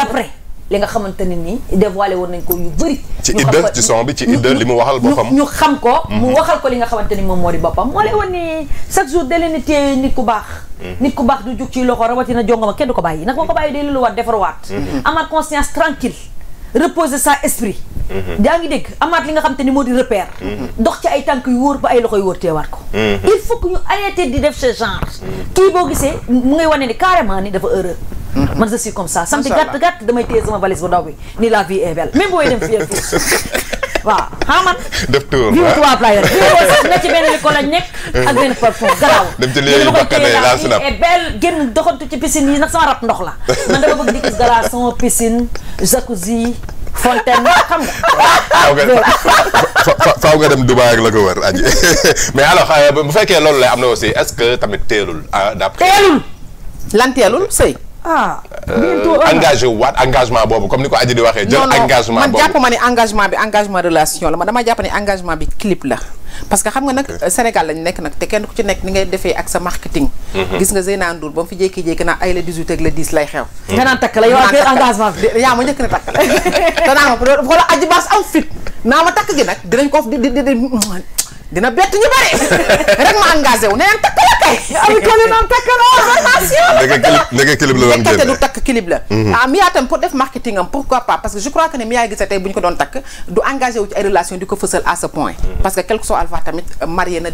li nga xamante ne nii dévoilé woon nañ ko yu bëri. ci idda ci son bi ci idda li mu waxal boppam ñu xam ko. Mhm. mu waxal ko li nga xamante ni moom moo di boppam moo lay woon ni chaque jour da leen téye nit ku baax. Mhm. nit ku baax du jug ci loxo rawatina jongoma kenn du ko bàyyi nag boo ko bàyyi day luluwaat defarwaat. Mhm. amaat conscience tranquille reposer sa esprit. yaa ngi dégg amaat li nga xam te ni moo di repère. ndox ci ay tànk yu wóor ba ay loxo yu wóor teewaat ko. il faut que ñu di def ce genre. boo gisee mu ngay wane ni carrément ni dafa heureux. Mhm. man je suis comme ça. sant gàtt gàtt damay téye sama valise bu ndaw bi ni la vie est belle même booy dem fii ak fii waaw xam man. def tour bii tubaab laa yor bii na ci benn micro lañ nekk. ak benn parfum garaaw. dem ci léegi bakkan la snap et belle génn doxantu ci piscine yi nag sama rab ndox la man dama bëgg di gis glaçon piscine jacuzzi. fontaine xam nga. faaw nga dem Dubaï ak la ko wër aji mais alors bu fekkee loolu lay am na aussi est-ce que tamit teelul ah d'après. teelul lan teelul sëy. ah. engagé wu waat engagement boobu comme ni ko Adji di waxee. jël engagement boobu man jàpp ma ne engagement bi engagement relation la man dama jàpp ne engagement bi clip la. parce que xam nga nag Sénégal lañ nekk nag te kenn ku ci nekk ni ngay defee ak sa marketing. gis nga Zeyna Ndour ba mu fi jékki-jékki naa ay la 18 ak la 10 lay xew. nga takk la yow na am fit naa ma takk gi nag dinañ ko di di di. dina bett ñu bari rek ma engagé wu takk la kay. ami ko naan takk na formation. ndeke kilib la doon génne du takk kilib la. Mhm. ah Mia tam pour def marketing am pourquoi pas parce que je crois que ne Mia Guissé tey bu ñu ko doon takk du engagé wu ci ay relation di ko fësal à ce point. Mhm. Euh,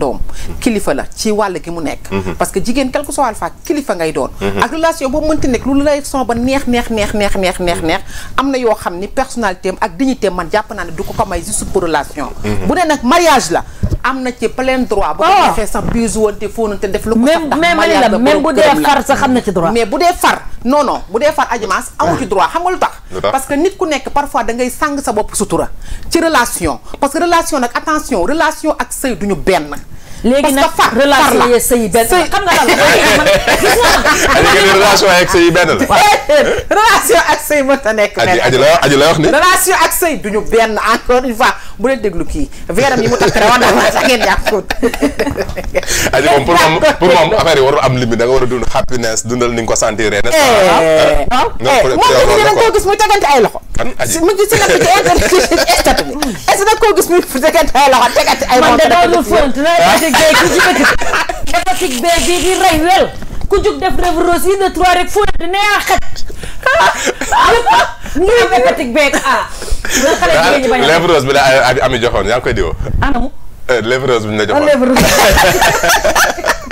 mhm. kilifa la ci wàll gi mu nekk. parce que jigéen quelque soit alpha kilifa ngay doon. ak relation boo mënti nekk lu lay son ba neex neex neex neex neex neex am na yoo xam ni personnalité am ak dignité am man jàpp naa ne du ko ko may juste pour relation. bu dee nag mariage mariage la am na ci plein droit. bu ko ah. defee sax bisuwante te def lu ko sax ndax mariage la même bu dee far sax am na ci droit. mais bu dee far non non bu dee far ajumaas hmm. amu ci droit xam nga lu tax. parce que nit ku nekk parfois da ngay sàng sa bopp sutura. ci relation parce que relation nag attention relation ak sëy duñu benn. léegi nag relation yeeg sëy benn la xam nga lan la relation ak sëy benn la. relation ak sëy mënut a nekk benn. aji la aji la wax ni. relation ak sëy duñu benn encore une fois bu leen déglu kii veeram yi mu tax rawoon na sax ngeen jàppoon. aji moom pour moom pour moom affaire yi warul am limite da nga war a dund happiness dundal ni nga ko sentir. n'est-ce pas. Eh, ah, ah. Eh, moom da nga koo gis muy tegante ay loxo. kan aji mu ngi si nekk ci internet bi est-ce que da nga koo gis muy tegante ay loxo tegante ay loxo. Fatick bee ku ci dëkk te Fatick di rey wel rose yi de trois rek foo ne yaa xaj rose bi la ami joxoon yaa ngi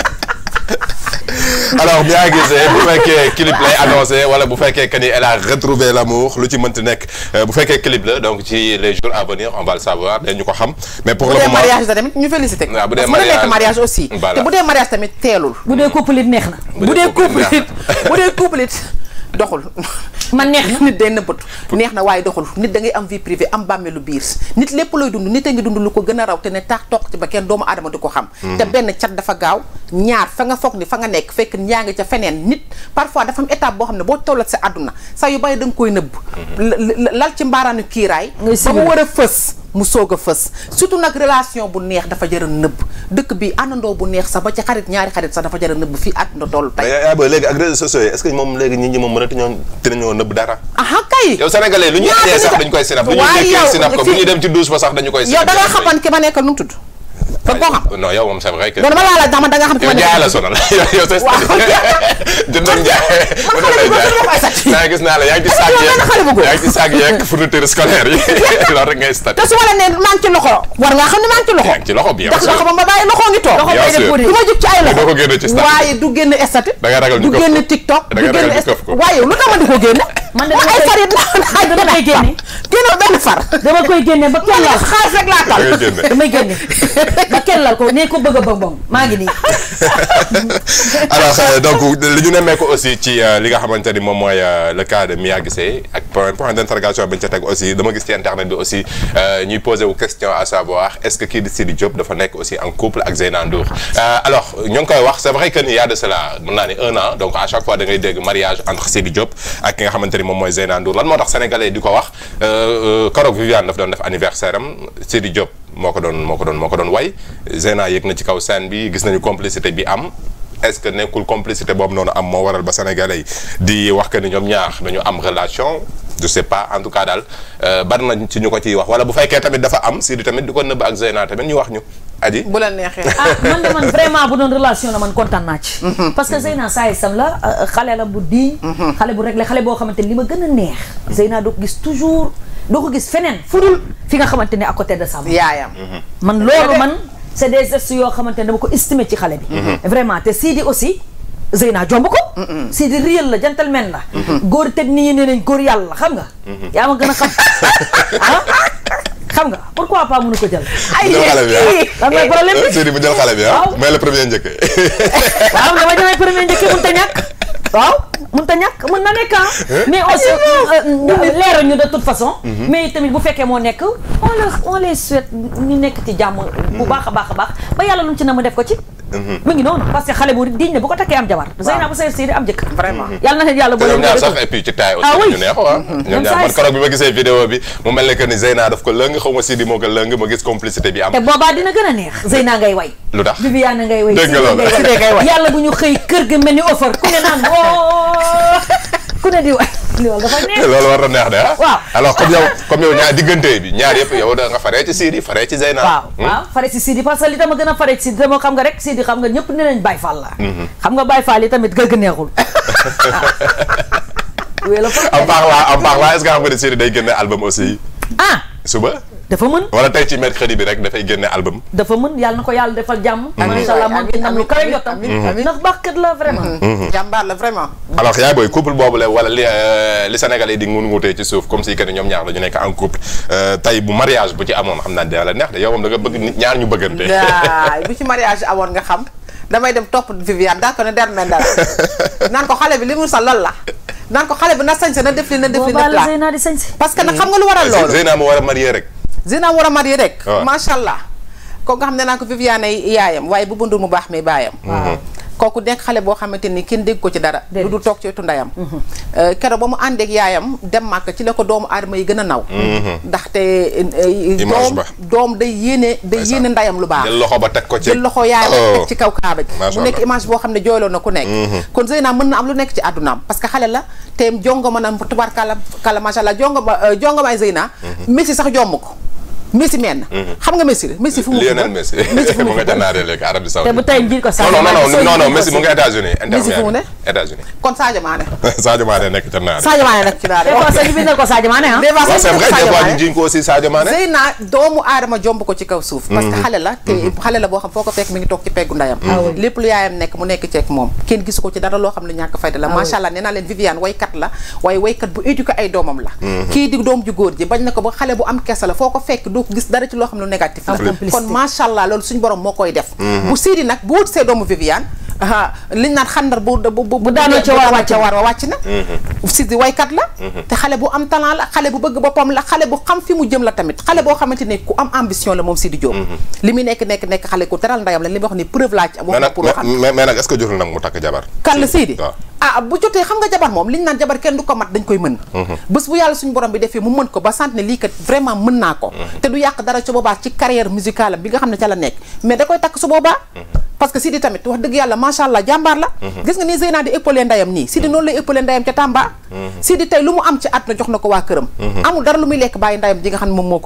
alors bien gisee bu fekkee clip lay annoncé wala bu fekkee que ni elle a l'amour lu ci mënti nekk euh, bu fekkee clip la donc ci les jours à venir on va le savoir dañu ko xam. mais pour le moment bu dee mariage la tamit ñu félicité. waaw bu dee mariage nekk mariage aussi. te bu dee mariage tamit teelul. bu dee couple it neex na. bu dee couple doxul man neex na nit day nëbbatu neex na waaye doxul nit da ngay am vie privée am bàmmeelu biir nit lépp looy dund nit a ngi dund lu ko gën a raw te ne tax toog ci ba kenn doomu aadama di ko xam mhm. te benn cat dafa gaaw ñaar fa nga foog ni fa nga nekk fekk njaa ngi ca feneen nit parfois dafa am étape boo xam ne boo tollat sa àdduna saa yu bàyyi da nga koy nëbb mhm. lal ci mbaaraanu kiiraay ba mu war a fës mu soog a fës surtout nag relation bu neex dafa jar a nëbb dëkk bi àndandoo bu neex sax ba ci xarit ñaari xarit sax dafa jar a nëbb fii at na toll tey yaa ba léegi ak réseaux sociaux yi moom léegi nit ñi moom mënatu ñoo dinañoo nëbb dara aha kay yow sénégalais lu ñuy dee sax dañu koy sinap lu ñuy dee sinap ko bu ñuy dem ci douche ba sax dañu koy sinap yow da nga xaman ki ma nekk nu mu tudd kon koo xam non yow moom c'est vrai que. non dama la laaj man da nga xam ne. yow jaay la sonal yow sa. waaw jëndoon jaay. man xale bu góor ay sàcc. naa gis naa la yaa ngi ci saag yeeg yaa ngi ci saag yeeg fourniture scolaire yi loolu rek ngay stati. te su ma la nee maa ngi ci loxo war nga xam ne maa ngi ci loxo. yaa ngi ci loxo bi yow ndax loxo ba ma bàyyi loxo ngi toog. bien sûr du ma jub ci ay loxo. doo ko génne ci stati waaye du génn stati. da nga ragal ñu këf ko du génn tiktok. da nga ragal ñu këf ko waaye lu tax ma di ko génne man de ay far it laa dama koy génne. ba kenn lal ko ne ko bëgg a bëgg moom maa ngi nii. alors euh, donc li ñu nemmee aussi ci euh, li nga xamante moom mooy euh, le cas de Mia Guissé ak point d' interrogation bi ñu ca teg aussi dama bi aussi ñuy ce que kii di Sidi nekk aussi en couple ak Zeyna Ndour. alors koy wax c' est vrai que ni y a de cela mën naa ne un an donc à chaque fois da ngay dégg mariage entre Sidi Diop ak nga xamante moom mooy Zeyna Ndour lan moo tax sénégalais yi di ko wax euh, euh, Karog Viviane daf doon def anniversaire am Sidi Diop moo ko doon moo ko doon moo ko doon way Zeyna yëg na ci kaw scène bi gis nañu complicité bi am. est-ce que nekkul complicité boobu noonu am moo waral ba sénégalais yi di wax que ñoom ñaar dañu am relation je sais pas en tout cas daal euh, bari na ci ñu ko ciy wax wala bu fekkee tamit dafa am Sidi tamit di ko nëbb ak Zeyna tamit ñu wax ñu aji bu la neexee ah man de man vraiment bu doon relation la man kontaan naa ci mhm. parce que Zeyna saa sam la euh, xale la bu diiñ mhm. xale bu réglé xale boo xamante li ma gën a neex Zeyna doo gis toujours doo ko gis feneen fudul fi nga xamante ne à côté de sama yaayam man loolu man c'est des gestes yoo xamante ne dama ko estimer ci Zeyna jomb ko. Mm, mm. Sidi réel la gentleman la. Mm-hmm. góor teg nii nee yàlla la xam nga. Mm-hmm. yaa ma gën a xam ah xam nga pourquoi pas mënu ko jël. ay yéen ah. lan mooy problème bi. Sidi mu jël xale bi ah. waaw may la premier njëkk. waaw a waaw mën ta ñàkk mën na nekk ah. eh? mais aussi leeral ñu de toute façon mhm. mais tamit bu fekkee moo nekk on le on les souhaite ñu nekk ci jàmm bu mhm. baax a baax a baax ba yàlla lu ci na mu def ko ci mhm. mu ngi noonu parce que xale bu diñ ne bu ko takkee am jabar Zeyna bu sëy sëy am jëkk yàlla na yàlla boole ñaar sax et puis ci taay aussi ah ñu neex waa ah. ñoom ñaar man keroog bi ma gisee vidéo bi mu mel ne que ni Zeyna daf ko lëng xaw ma moo ko lëng ma gis complicité bi am te boobaa dina gën a neex Zeyna ngay way lu tax ku ne di waay loolu dafa neex loolu war na neex de ah. waaw comme yow comme ñaar diggante bi ñaar yëpp yow da nga faree ci Sidi faree ci Zeyna. waaw hmm? waaw faree ci Sidi parce que li tam a gën a faree ci Sidi dama xam nga rek Sidi xam nga ñëpp ne nañ Baye Fall mhm. xam nga Baye Fall yi tamit gën neexul. wéy la fa. en parlant en parlant est-ce que xam nga ne Sidi day génne album aussi. ah suba. dafa mën wala tey ci mercredi bi rek dafay génne album dafa mën yàlla na ko yàlla defal jàmm mhm. macha allah moom itam lu kawe jotam ndax baaxkat la vraiment mhm. Mhm. jàmbaar la vraiment la wala li euh, li sénégalais suuf comme si nekk en couple euh, tey la neex de yow moom da bëgg ñaar ñu bëggante bu ci mariage amoon nga xam damay dem topp Viviane daa ko ne der men naan ko xale bi li mu sa lool la naan ko xale bi na sañse na def li na def li na parce que nag xam nga lu waral loolu Zeyna mu war a marié rek Zina war a marié rek. Ah. macha allah. ko nga xam ne naa ko Viviane yaayam waaye bu bundur mu baax mi baayam. Mm-hmm. kooku nekk xale boo xamante ni kenn dégg ko ci dara lu dul toog ci wetu ndeyam mhm. euh, keroog ba mu àndeek yaayam dem màkk ci la ko doomu aadama yi gën a naw mhm. ndax te euh, doom day yéene day yéene ndeyam lu baax jël loxo ba teg ko ci jël loxo yaayam oh. teg ci kaw kaaba ji mu nekk image boo xam ne jooyloo na ku nekk mhm. kon Zeyna mën na am lu nekk ci àddunaam parce que xale la te jongoma na tubaarkàlla kàlla macha allah jongoma euh, jongoma ay Zeyna Messi sax jomm ko Messi meen mhm. xam nga Messi Messi fu mu. Lionel Messi mu nga jànnaare léegi Arabie Saoudite. te bu tey jii ko sax. non non non Messi mu nga États-Unis. États-Unis kon Sadio Mané. Sadio Mané nekk ca naare. Sadio Mané nekk ci naare. ñu bindal ko Sadio Mané ah. c'est vrai des fois ñu jiñ ko aussi Sadio Mané. Zeyna doomu aadama jomb ko ci kaw suuf. parce que mm-hmm. xale la te mm-hmm. xale la boo xam foo ko fekk mi ngi toog ci peggu ndayam. Ah lépp lu yaayam nekk mu nekk ceeg moom. kenn gisu ko ci dara loo xam ne ñàkk fayda la. Ah macha allah nee naa leen Viviane waykat la waaye waykat bu éduqué ay doomam la. Mm-hmm. kii di doom ju góor ji bañ na ko ba xale bu am kese la foo ko fekk doo ko gis dara ci loo xam ne négatif la. kon macha allah loolu suñu borom moo koy def. bu Sidi nag bu wut see doomu Viviane liñ naan xandar bu bu bu daanoo ca war wàcc war wa wàcc mhm. waykat la mhm. te xale bu am talent la xale bu bëgg boppam la xale bu xam fi mu jëm la tamit xale boo xamante ne ku am ambition la moom Sidi Diop mhm. li muy nekk nekk nekk xale ku teral ndayam la li ma wax ni preuve laa ci am wax mu takk jabar kan ah, du ko mat dañ koy mën bu yàlla suñu borom bi defee mu mën ko ba sant ne lii kat vraiment mën naa ko te du yàq dara su boobaa ci carrière musicale bi nga xam ne ca la parce que Sidi tamit wax dëgg yàlla macha allah jàmbaar la mhm. gis nga ni Zeyna di épaulé ndayam nii Sidi mhm. noonu lay épaulé ndayam ca Tamba mhm. Sidi tey lu mu am ci àdduna jox na ko waa këram amul dara lu muy lekk bàyyi ndayam ji nga xam ne moom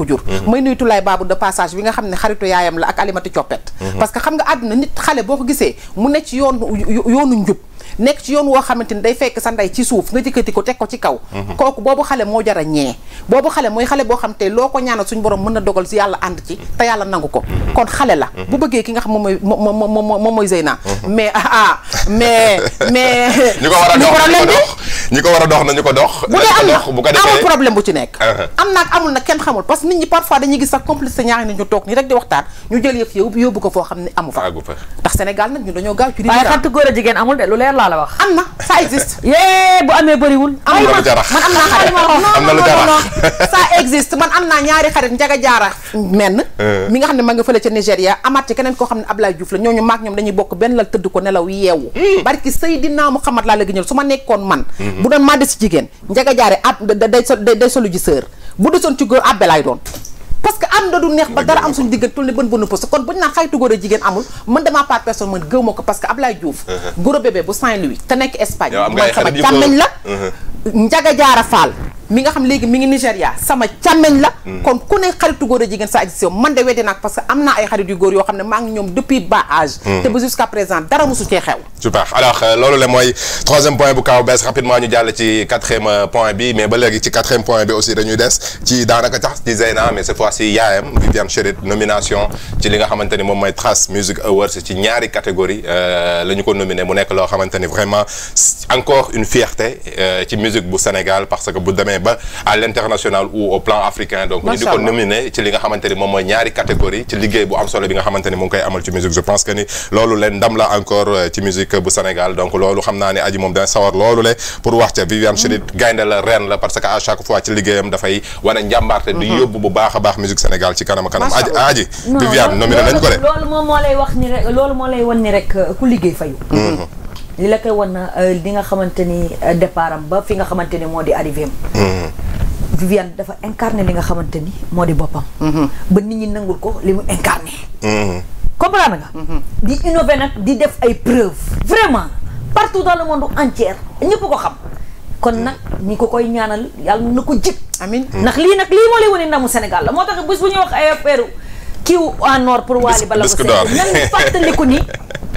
moo moom moom moom mooy Zeyna. mais ah, ah, mais mais. ñi ko war a dox a dox nañu ko dox. bu dee am na amul problème bu ci nekk. Uh-huh. am na ak amul nag kenn xamul parce que nit ñi parfois dañuy gis sax complice ñaari nit ñu toog nii rek di waxtaan nag ñu dañoo gaaw ci. waaye xaritu góor a jigéen amul de lu leer laa la wax. am na ça existe. yee bu amee bëriwul. am na lu jarax man am naa xarit non ça existe man am naa ñaari xarit njaga jaara menn uh-huh. mi nga xam ne ma nga fële ca Nigéria amaat ci keneen koo xam ne Ablaye Diouf la maak ñoom dañuy bokk benn lal tëdd ko nelaw yeewu hmm. barki Seydina Muhammad laa la gënal su ma nekkoon man hmm. bu doon maa des ci jigéen njaga jaare at day day solu ji sœur bu desoon ci góor abbe laay doon parce que am na du neex ba dara am suñu diggante tul ne bën bënu pos kon buñ naan xaytu góor a jigéen amul man dama part personne man gëw ko parce que Ablaye Diouf uh-huh. goro bébé bu Saint-Louis te nekk Espagne man sama jàmmeñ la uh-huh. njaga faal mi nga xam léegi mi ngi Nigéria sama càmmeñ la mm. kon ku ne xaritu góor a jigéen sa aji si man de weddi naag parce que am naa ay xarit yu góor yoo xam ne maa ngi ñoom depuis bas âge mm. te ba jusqu'à présent dara mosu cee xew super alors euh, loolu la mooy troisième point bu kaw bees rapidement ñu jàll ci quatrième euh, point bi mais ba léegi ci quatrième point bi aussi dañuy des ci daanaka tax ci Zeyna mais cette fois ci yaayam Viviane Chérif nomination ci li ni moom mooy Trace Music demee ba à l'international ou au plan africain donc ñu di ko nominer ci li nga xamante ni moom mooy ñaari catégorie ci liggéey bu am solo bi nga xamante ni mu ngi koy amal ci musique je pense que loolu leen ndam la encore euh, ci musique bu Sénégal donc loolu xam naa ne aji moom dana sawar loolu le pour wax ca Viviane Chidid mm. gaynde la ren la parce que à chaque fois ci liggéeyam dafay wane njàmbaarte di mm-hmm. yóbbu bu baax a baax musique Sénégal ci kanam a kanam aji aji Viviane nominé nañ li la won na euh, li nga xamante ni euh, départ am ba fi nga xamante ni moo di arrivé am. Mm-hmm. Viviane dafa incarné li nga xamante ni moo di boppam. Mm-hmm. ba nit ñi nangul ko li mu incarné. Mm-hmm. comprendre nga. di innové nag di def ay preuves. vraiment partout dans le monde entier ñëpp ko xam. kon nag ñi ko koy ñaanal yàlla na ko jig. amiin ndax lii nag lii moo lay wane ndamu Sénégal la moo tax bés bu ñuy wax ay affaire kiw en nord pour. waali bala ko Sénégal nan fàttaliku ni.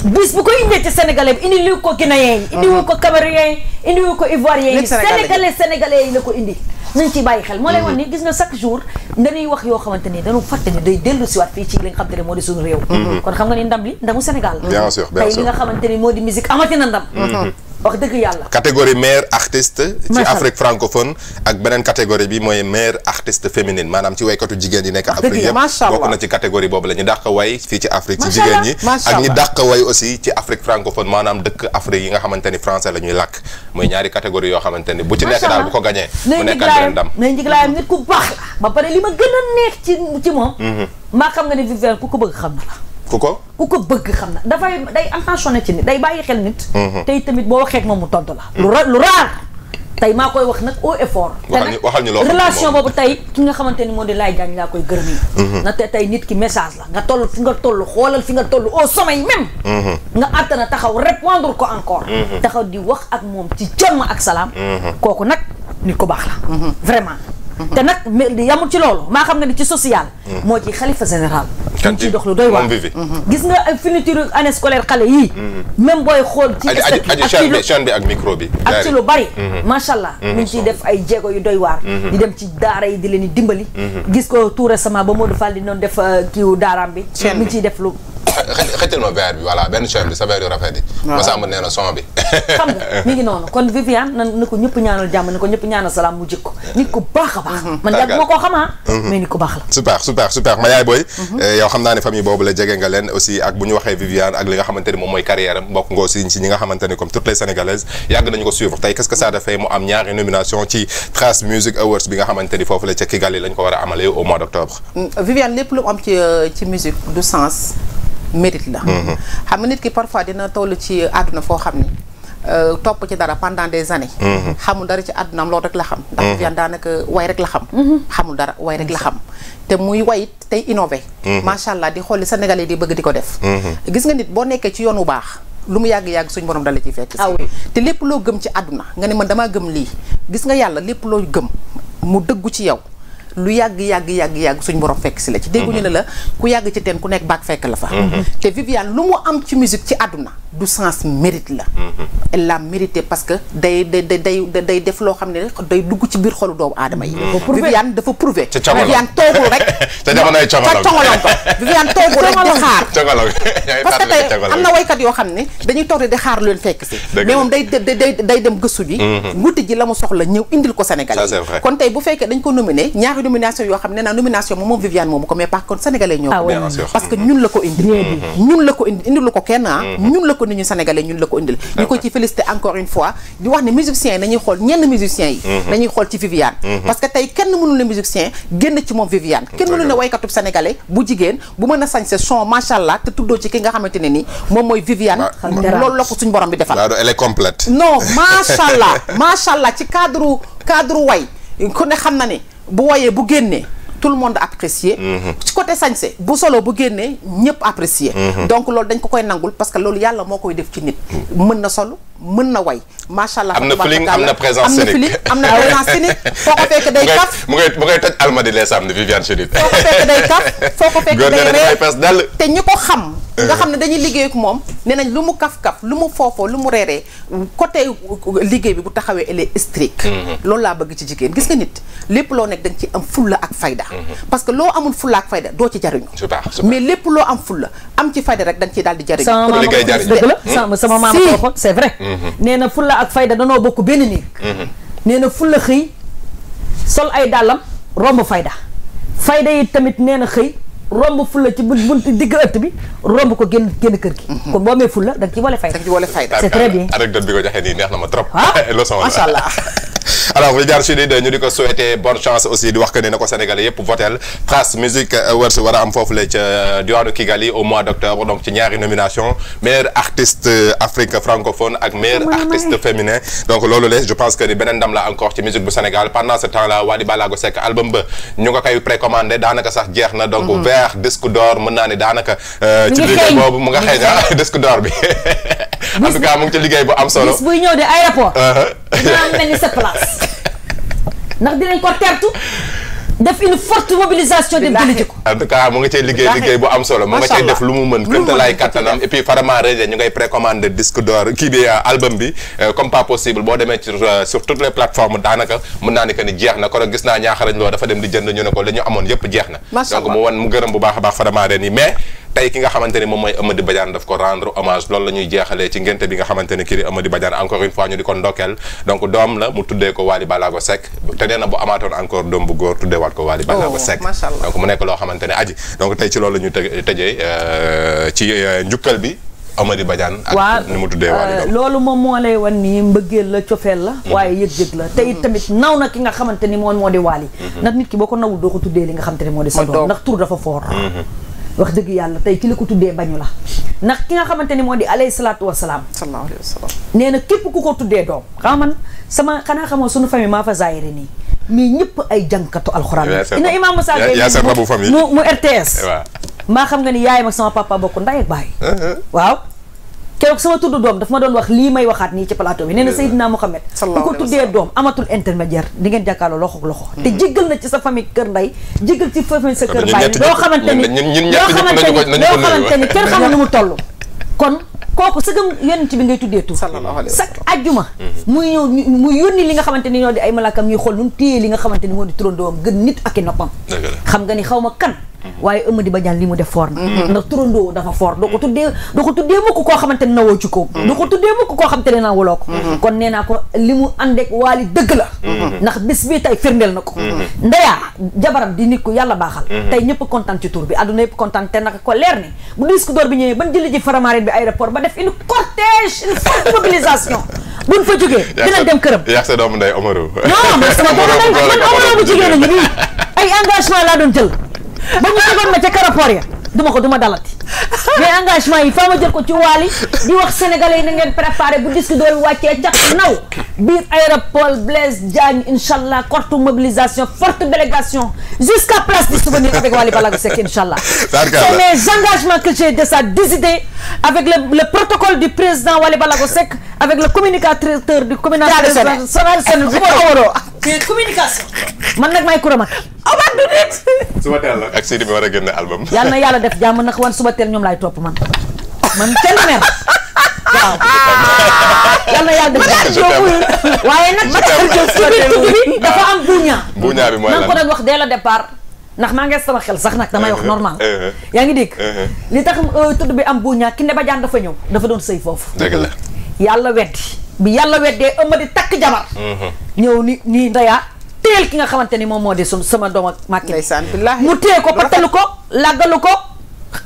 bis bu ko indee ci sénégalais bi indi lu ko guinéen yi indiwu ko camerounais yi indiwu ko ivoirien yi sénégalais sénégalais yi la ko indi nañ ci bàyyi xel moo lay wax ni mhm. gis nga chaque jour dañuy wax yoo xamante ni dañu fàtte ni day dellu siwaat fii ci xamante ne moo di suñu réew mhm. kon xam nga ni ndam li ndamu sénégal la nga xamante ni moo di ama amati na ndam mhm. wax dëgg yàlla. catégorie meilleur artiste. ci Afrique francophone ak beneen catégorie bi mooy meilleur artiste féminine maanaam ci waykatu jigéen yi nekk. Afrique yëpp bokk na ci catégorie boobu la ñu dàq way fii ci Afrique. ci jigéen ñi ak ñi dàq way aussi ci Afrique francophone maanaam dëkk Afrique yi nga xamante ni français la ñuy làkk mooy ñaari catégorie yoo xamante ni bu ci nekk daal bu ko gañee mu nekk beneen ndam nay njiglaayam nit ku baax la ba li ma gën a ku ko ku ko bëgg xam na dafay day attentionné ci nit day bàyyi xel nit. Mhm. tey tamit boo waxee ak moom mu tontu la. lu ra lu raar. tey maa koy wax nag au effort. waxal ñu relation boobu tey ki nga xamante ni moo di laay jaañ koy gërëm mhm. na te tey nit ki message la nga toll fi nga tollu xoolal fi nga toll au sommet même. Mhm. nga àttana taxaw répondre ko encore. taxaw di wax ak moom ci jàmm ak salaam. kooku nag nit ko baax la. vraiment. te nag yamul ci loolu maa xam na ni ci social. moo ci xalifa général. kan ci dox lu doy waar mhm. Mhm. gis nga ay fourniture année xale yii. Mhm. même booy xool ci. chaîne bi ak micro bi. ak ci lu bari. macha allah ñu ngi ciy def ay jéego yu doy waar. di dem ci daara yi di leen di dimbali. gis ko tout sama ba Modou Fall di noonu def euh, kiiw daaraam bi. chaîne bi ciy def lu. xëccal ma verre bi voilà benn chef bi sa verre yu rafet yi. waaw Massamba nee na son bi. xam nga mi ngi noonu kon Viviane na ko ñëpp ñaanal jàmm na ko ñëpp ñaanal salaam mu jikko nit ku baax a baax. Mm-hmm. man ah. mm-hmm. yaay booy. Mm-hmm. Eh, yow xam naa ne famille boobu la jege nga leen aussi ak bu ñu waxee Viviane ak li nga xamante moom mooy carrière mbokk nga aussi ñi nga xamante comme toutes les sénégalaises yàgg nañu ko suivre tey qu'est-ce que mu am ñaari nomination ci Trace a mérite la. Mhm. xam nga nit ki parfois dina toll ci àdduna foo xam ni. Euh, topp ci dara pendant des années. Mhm. xamul dara ci àddunaam loolu rek la xam. ndax Viviane mhm. daanaka way rek la xam. xamul dara way rek la xam. te muy wayit tey innové. macha allah di xool li Sénégalais di bëgg di ko def. gis nga nit boo nekkee ci yoon wu baax. lu mu yàgg-yàgg suñu borom dala ciy fekk. ah oui te lépp loo gëm ci àdduna nga ne man damaa gëm lii. gis nga yàlla lépp loo gëm mu dëggu ci yow. lu yàgg yàgg yàgg yàgg suñ borom fekk si la ci dégguñu ne la ku yàgg ci teen ku nekk baak fekk la fa mhm. te Viviane lu mu am ci musique ci àdduna du sens mérite la. elle l'a mérité parce que day day day day def loo xam ne rek day dugg ci biir xolu doomu aadama yi. Viviane dafa prouvé. Viviane toogul rek. ca jamonoy Cogolong ca Viviane toogul rek parce que tey bu fekkee dañ ko nominé ñaari nomination yoo xam ne naa nomination moom Viviane moomu mais par contre Sénégalais ñoo ah parce que ñun la ko indi. ñun la ko indi indilu ko kenn ah mm-hmm. ñun la ko ni ñu sénégalais ñun la ko indil ñu ko ci félicité encore une fois di wax ne musiciens yi dañuy xool ñenn musiciens yi dañuy mhm. xool ci Viviane mhm. parce que tey kenn mënul ne musicien génn ci moom Viviane kenn mënul ne waykatub sénégalais bu jigéen bu mën a sañse son machallah te tuddoo ci ki nga xamante ne ni moom mooy Viviane loolu la ko suñu borom bi defal elle est complète non machallah ci cadre cadre way ku ne xam na ne bu woyee bu génnee tout le monde apprécié. Mhm. ci côté sañse bu solo bu génnee ñëpp apprécié. Mhm. donc loolu dañ ko koy nangul parce que loolu yàlla moo koy def ci nit. Mhm. mën na solo mën na way macha allah. am na feeling am na présence scénique am na présence scénique foo ko fekk day kaf mu ngay mu foo ko fekk day kaf foo ko te ñu ko xam. nga euh. xam ne dañuy liggéey ak moom ne nañ lu mu kaf-kaf lu mu foofoo lu mu reeree côté euh, liggéey bi bu taxawee elle est lool mm-hmm. loolu laa bëgg ci jigéen gis nga nit lépp loo nekk da nga ci am fulla ak fayda mm-hmm. parce que loo amul fulla ak fayda doo ci jariñu mais lépp loo am fulla am ci fayda rek da nga ciy daal di jariñu sama maam ko waxoon hmm? c'est nee na fulla ak fayda danoo bokk benn néeg nee na fulla xëy sol ay dàllam romb fayda fayda yi tamit nee na xëy romb fulla ci bunti digg ëtt bi romb ko génn génn kër gi. Mhm. kon boo amee fulla da nga ci boole fayda. da nga ci boole fayda c'est très bien. anecdote bi ko joxe nii neex na ma trop. Ah, leçon la macha allah. alors ñu jaar sud ñu di ko souhaiter bonne chance aussi di wax que ne na ko sénégalais yëpp votel Trace Music Awards euh, war a am foofu la ca euh, diwaanu Kigali au mois d' octobre donc ci ñaari nomination meilleur artiste euh, Afrique francophone ak meilleur artiste féminin donc loolu la je pense que ni beneen ndam la encore ci musique bu Sénégal pendant ce temps là Wally Ballago Seck album ba ñu nga koy précommandé daanaka sax jeex na donc mhm. xeex disque d'or mën naa ne daanaka. Euh, ci liggéey boobu mu nga xeeñ ah door bi. en ci liggéey bu am solo. bis buy ñëw de aéroport. Uh-huh. dinaa mel ni sa place. ndax dinañ ko tertu. def une forte mobilisation dem jëli ko cas mu ngi cay liggéey liggéey bu am solo mu nga cay def lu mu mën këntalaay kattanam et puis Farama Régé ñu ngay précommande disque d'or kii bi euh, album bi euh, comme pas possible boo demee ci euh, sur toutes les plateformes daanaka mun naa ni que ni jeex na kon gis naa ñaaxarañ loo dafa dem di jënd ñu ne ko li ñu amoon yëpp jeex na donc mu wan mu gërëm bu baax a baax Farama Régé yi mais tey ki nga xamante ni moom mooy Amady Badiane daf ko rendre hommage loolu la ñuy jeexalee ci ngénte bi nga xamante ni kii di Amady Badiane encore une fois ñu di ko ndokkeel doom la mu tuddee ko waali Balago Seck te nee na bu amaatoon encore doom bu góor tuddeewaat ko Waly Balago oh, Seck donc mu nekk loo xamante ne aji donc tey ci loolu la ñu tëjee euh, ci euh, njukkal bi Amady Badiane ak ni mu tuddee waaw euh, loolu moom moo lay wan ni mbëggeel la cofeel la mhm. waaye yëg ki nga xamante ni moom moo di waali mhm. ndax nit ki boo ko nawul doo moo di sa doom ndax dafa foor mhm. wax dëgg yàlla tey ki la ko tuddee bañu la ndax ki nga xamante ni moo di alayhi salaatu wasalaam sallallahu alayhi wasallam nee na képp ku ko tuddee doom xam man sama xanaa xamoo suñu famille maa fa zaayire nii mais ñëpp ay jànkatu alxuraan ina imam Moussa Gueye mu RTS maa xam nga ni yaay mag sama papa bokk ndey ak baay waaw keroog sama tudd doom daf ma doon wax lii may waxaat nii ci plateau bi nee na Seydina Mohamed ku ko tuddee doom amatul intermédiaire di ngeen jàkkaarloo loxo loxo mm-hmm. te jéggal na ci sa famille kër ndey jéggal ci famille sa kër baay loo xamante ni loo xamante ni loo xamante ni kër xamul nu mu toll kon kooku sëgam yonent bi ngay tuddee tur sak ajjuma mm-hmm. muy ñëw muy yónni li nga xamante ni ñoo di ay malakam ñuy xool nun téye li nga xamante ni moo di turandoom gën nit ak i noppam xam nga ni xaw ma kan Mhm. waaye Eumeudi Badiane li mu def fort na mhm. ndax turandoo dafa fort doo ko tuddee doo ko tuddee mukk koo xamante ne nawoo ci ko mhm. doo ko tuddee mukk koo xamante ne nawuloo ko kon nee naa ko li mu ànd ak waali dëgg la ndax bis bii tey firndeel na ko ndeyaa jabaram di nit ko yàlla baaxal tey ñëpp kontaan ci tuur bi àdduna yëpp kontaan te naka ko leer ni bu disque d'or bi ñëwee ban jëli ji bi aéroport ba def une cortège une forte mobilisation buñ fa jógee dinañ dem sa doomu ndey Omarou non ma a ba ñu tegoon ma ca caraport ya duma ko duma dalati mais engagement yi faa ma jël ko ci waali di wax sénégalais yi na ngeen préparé bu disque dool wàccee caq naw biir aéroport Blaise Diagne incha allah forte mobilisation forte délégation jusqu'à place du souvenir avec Wally Ballago Seck incha allah c'est mes engagements que j'ai déjà décidé avec le, le protocole du président Wally Ballago Seck avec le communicateur du communautaire sonal sen bu ma aworo communication man nag maay kurama abat du nit suba teel la ak Sidi bi war a génne album yàlla na yàlla def jàmm nag wan suba salteel ñoom laay topp man man kenn mer waaw yal na yàlla def waaye nag Matar Diop dafa am buña buña bi mooy lan ko doon wax dès le départ ndax maa ngi sama xel sax nag damay wax uh-huh. normal uh-huh. yaa ngi dégg uh-huh. li tax euh, tudd bi am buña ki ne ba jaan dafa ñëw dafa doon sëy foofu dëgg la yàlla weddi bi yàlla weddee ëmb di takk jabar ñëw ni nii ndeyaa teel ki nga xamante ni moom moo de di sama doom ak màkki mu téye ko patalu ko làggalu ko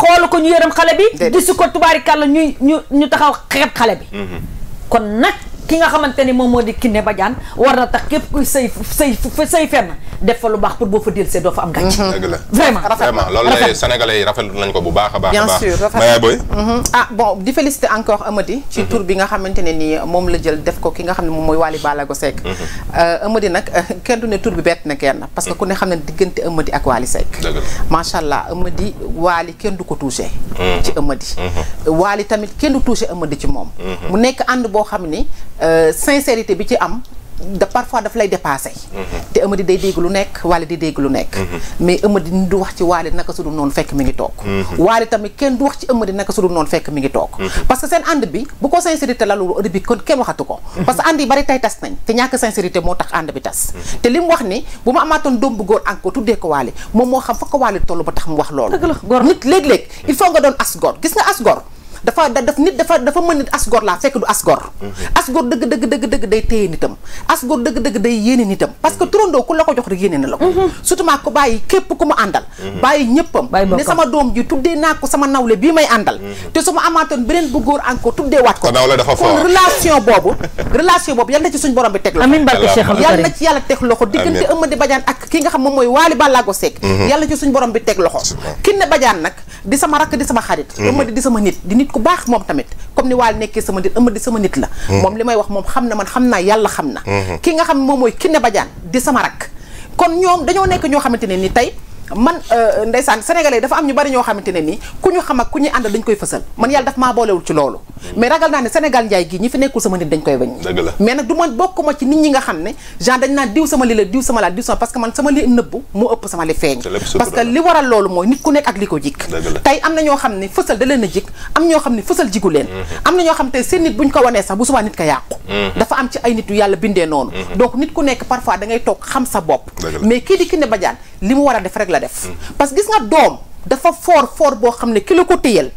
xoolu ko ñu yërëm xale bi. gisu ko tubaarikàlla ñuy ñu ñu taxaw xeeb xale bi. Mm-hmm. kon nag ki nga xamante ni moom moo di Kiné Badiane war na tax képp kuy sëy sëy sëy fenn def fa lu baax pour boo fa dellusee doo fa am gàcce. Mhm. dëgg la vraiment vraiment loolu lay sénégalais yi rafetlu nañ ko bu baax a baax. bien sûr rafetlu mhm. ah bon di féliciter encore Amady. ci mhm. bi nga xamante ne ni moom la jël def ko ki nga xam ne moom mooy Waly Balago Seck. Euh, Amady nag kenn du ne tour bi bett na kenn parce que ku ne xam ne diggante Amady ak Waly Seck. dëgg la macha allah Amady Waly kenn du ko touché. ci Amady. Waly tamit kenn du touché Amady ci moom. mu nekk ànd boo xam ni Euh, sincérité bi ci am da parfois daf lay dépassé. Mm-hmm. te Amady day dégg lu nekk Wally di dégg lu nekk. Mm-hmm. mais Amady du wax ci Wally naka su dul noonu fekk mi ngi toog. Mm-hmm. Wally tamit kenn du wax ci Amady naka su dul noonu fekk mi ngi toog. parce que seen ànd bi bu ko sincérité la loolu bi ko kenn waxatu ko. parce que ànd yi bari tay tas nañ te ñàkk sincérité moo tax ànd bi tas. te li mu wax ni bu ma amaatoon doom bu góor encore tuddee ko Wally moom moo xam fa ko Wally toll ba tax mu wax loolu. nit léeg-léeg il faut nga doon as gis nga as dafa da daf nit dafa dafa mën a asgor laa fekk du asgor mhm. asgor dëgg dëgg dëgg dëgg day téye nitam asgor dëgg dëgg day yéene nitam parce que mhm. turandoo ku la ko jox rek yéene na la ko mhm. bàyyi képp ku mu àndal bàyyi ñëppam ne sama doom ji tuddee naa ko sama nawle bi may àndal te su ma amaatoon beneen bu góor encore tuddee waat ko kon relation boobu relation boobu yal na ci suñ borom bi teg loxo yal na ci yàlla teg loxo diggante Eumeudy Badiane ak ki nga xam moom mooy Waly Ballago Seck yal yàlla ci suñ borom bi teg loxo Kiné Badiane nag di sama rakk di sama xarit Eumeudi mhm. di sama nit di nit ku baax moom tamit comme ni Wally nekkee sama nit Eumeudi sama nit la mhm. moom li may wax moom xam na man xam naa yàlla xam na mhm. ki nga xam moom mooy Kiné Badiane di sama rakk kon ñoom dañoo nekk ñoo xamante ne ni tey man euh, ndeysaan sénégalais dafa am ñu bari ñoo xamante ne nii ku ñu xam ak ku ñuy ànd dañ koy fësal man yàlla daf maa boolewul ci loolu mm. mais ragal naa ne sénégal njaay gi ñi fi nekkul sama nit dañ koy weñ mais nag du ma bokk ma ci nit ñi nga xam ne genre dañ la diw sama laa diw na ñoo am ñoo xam ne fësal jigu leen mm-hmm. am na ñoo xam te seen nit bu ñu ko wanee sax bu subaa nit ko yàqu mm-hmm. dafa am ci ay nit yàlla bindee noonu mm-hmm. donc nit ku nekk parfois da ngay xam sa bopp la def. parce que gis nga doom dafa foor foor boo xam ne ki la ko téyel.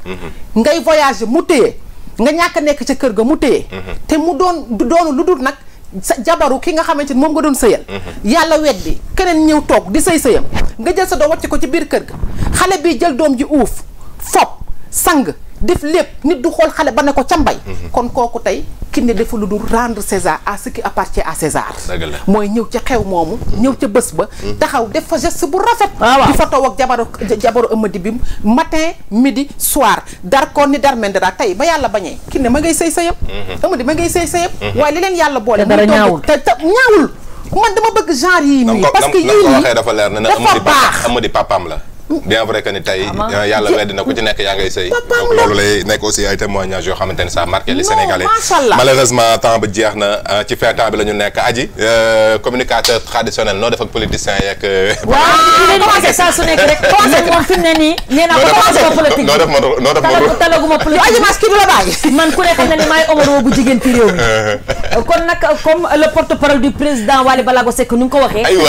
ngay voyager mu téye nga ñàkk a nekk ca kër ga mu téye. te mu doon doonu lu dul nag sa jabaru ki nga xamante ni moom nga doon sëyal. yàlla wet bi keneen ñëw toog di sëy sëyam nga jël sa doom wàcc ko ci biir kër ga xale bi jël doom ji uuf fob sang. def lépp nit du xool xale ba ne ko ca mbay mhm. kon kooku tey Kiné dafa lu dul rendre César à ce qui appartient à César mooy ñëw ca xew moomu mhm. ñëw ca bés ba mhm. taxaw def fa geste bu rafet ah, di fa toog ak jabaru jabaru ëmmadi bi matin midi soir dar koon ni dar mendera tey ba yàlla bañee Kiné ma ngay sëy sëyam ëmmadi ma ngay sëy sëyam waaye li leen yàlla boole mu ñaawul te ñaawul man dama bëgg genre yii nii parce que yii nii dafa baax Amady papaam la bien vrai que ni tey ah, euh, yàlla wedd na ku ci nekk yaa ngay sëy donc loolu lay nekk aussi ay témoignages yoo xamante ni ça marqué les Sénégalais malheureusement temps bi jeex na euh, ci fin temps bi la ñu nekk aji euh, communicateur traditionnel noo def ak politicien yeeg waaw commencé saa su nekk rek commencé moom fi ne nii nee ma politique noo def ko waxee aywa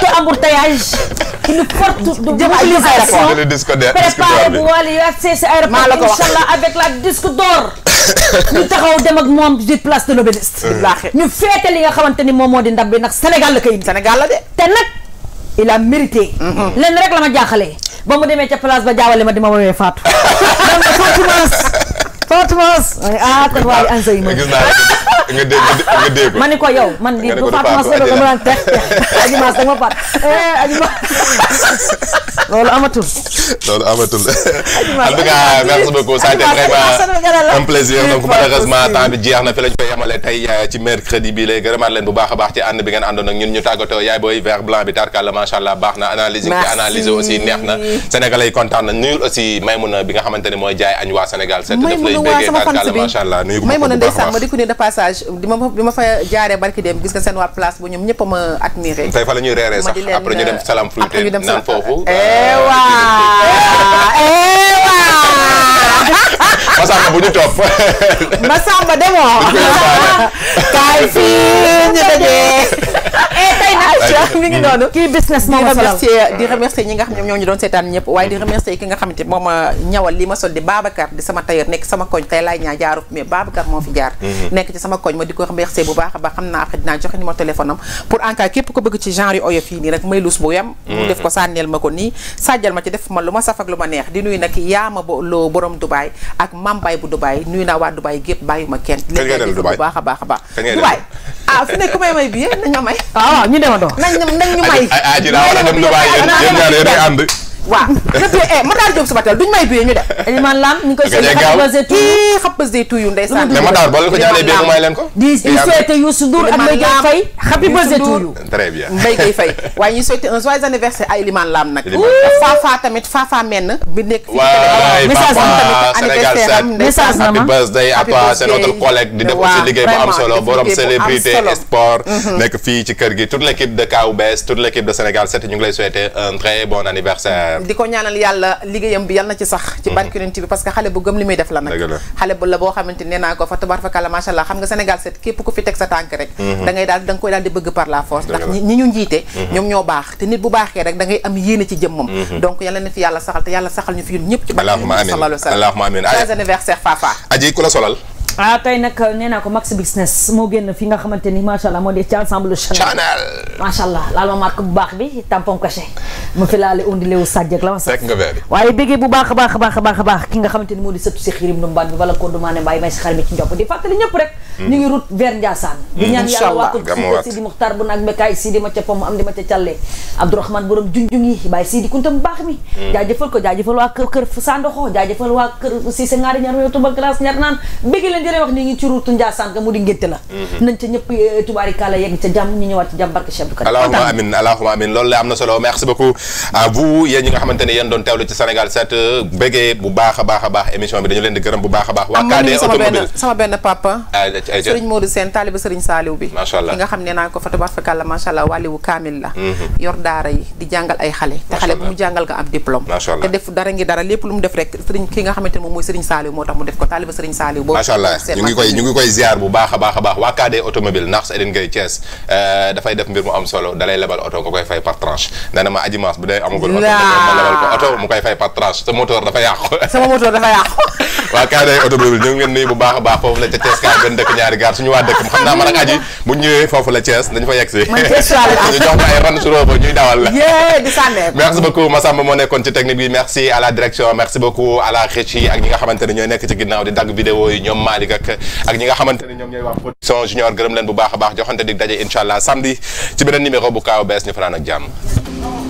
porte embouteillage une forte mobilisation préparé bu wàllu UHCC aéroport incha allah avec la disque d'or ñu taxaw dem ak moom di place de l'Obélisque ñu féete li nga xamante ni moom moo di ndam bi nag Sénégal la ko indi Sénégal la de te nag il a mérité mm-hmm. lenn rek la ma jaaxalee ba mu demee ca place ba jaawale ma di ma woowee Fatmas ah kon waa Alzheimer gis nga dégg nga dégg ko. ma ko yow man di bu Fatmas la dama daan tex tex Adjumas da nga eh, ma faat Adjumas loolu amatul. loolu amatul. en tout cas merci beaucoup ça a été vraiment un bi jeex na fi la ñu koy yemale tey euh, ci mercredi bi a baax ci ànd na analyse bi aussi neex na sénégalais yi kontaan na nuyul bi nga xamante ne mooy jaay añ waa Sénégal nuyu waa sama fans bi may mën a ndeysaan ma dikku ne de passage di ma fa jaaree barki dem gis nga seen waa place ba ñoom ñëpp a ma fa la ñuy sax après ñu dem euh, salam fruité naan foofu ewa euh, eh ewa eh masamba bu ñu topp masamba demoo kaay fii ñu dajee Cheikh mi kii business moom remercier di remercier ñi nga xam ñoom ñoo ñu doon seetaan ñëpp waaye di remercier ki nga xamante moom ma ñawal li ma sol di Babacar di sama tailleur nekk sama koñ tey laay ñaa jaaru mais Babacar moo fi jaar mhm. nekk di ko remercier bu baax ba xam naa après mhm. ma ba loo borom a baax a baax Dubaay ah fi ne ku may may bi nañ ma may waaw ah, ñu demandoo nañ ñu may. aji daa war a dem Dubaay yéen ñaar yéen waaw nga bie eh Matar duñ may bie ñu def Eliman Lam ñu koy i xapasde tuyu ndeysaan mais Matar boo leen ko jaalee bie may leen ko di il souhaite Youssou Ndour ak Mbaye Gueye Faye xapasde tuyu très bien Mbaye Gueye Faye ñu souhaite un joyeux anniversaire Eliman Lam nag Fafa tamit Fafa menn bi nekk fii message tamit anniversaire am message birthday à toi c'est notre di def aussi liggéey bu am solo borom célébrité sport mm-hmm. nekk fii ci kër gi toute l'équipe de KOUBS toute l'équipe de Sénégal 7 ñu ngi lay souhaiter Euh, di ko ñaanal yàlla liggéeyam bi yal na ci sax ci barke mhm. yonent bi parce que xale bu gëm li def la nag xale bu la boo xamante nee ko fa tabarfakala macha allah xam nga Sénégal set képp ku fi teg sa rek mhm. da daal da koy daal di bëgg par la force ndax ñi ñu njiite mhm. ñoom ñoo baax te nit bu baaxee rek da am yéene ci jëmmam donc yal na fi yàlla saxal te yàlla saxal ñu fi ñun ci barke yonent bi sallallahu anniversaire Fafa aji ku la solal ah tey nag euh, nee naa ko max business moo génn fi nga xamante ni macha allah moo di ci ensemble Chanel. macha allah laal ma marque bu baax bi tampon caché mu fi laale undi leewu la ma sax. waaye béggee bu baax a baax a baax baax ki nga xamante ni moo di sëtu si xirim lu mbaan bi wala ko dumaane mbaay may si xar mi di fàttali ñëpp rek. Hmm. ñu ngi route vers Ndiassane. Hmm. di ñaan yàlla waa ko Sidi bu naag mekkaay Sidi ma ca pom di Kunta bu baax mi hmm. jaajëfal ko jaajëfal waa kër Sandoxo di lay ngi ci ruutu Ndiassane ka mu di ngénte la mhm. nañ ca ñëpp eh, tubaarikàlla yegg ca jàmm ñu ñëwaat ci allahuma amin allahuma la am na solo merci beaucoup à vous yéen ñi nga xamante ne doon teewlu ci Sénégal 7 bëggee bu baax a baax a baax émission bi dañu leen di gërëm bu baax a baax waa KD automobile sama benn papa Serigne Modou Sène taaliba Serigne Saliou bi macha allah ne naa ko allah wàlliwu kaamil la mhm. yor daara yi di jàngal ay xale te xale bu mu jàngal nga am ñu ngi koy ñu ngi koy ziar bu baax a baax a baax waa KD automobile ndax Edine euh, dafay def mbir mu am solo dalay lebal oto nga koy fay par tranche nee ma aji maas bu dee amagul ma lebal a baax foofu moo nekkoon ci technique bi merci à la direction merci beaucoup à la ak ñi nga xamante ñooy nekk ci ginnaaw di dagg vidéo yi ñoom Malick Malick ak ak ñi nga xamante ne ñoom ñooy wax production junior gërëm leen bu baax a baax joxante dig daje incha allah samedi ci beneen numéro bu Kaaw Bees ñu fanaan ak jàmm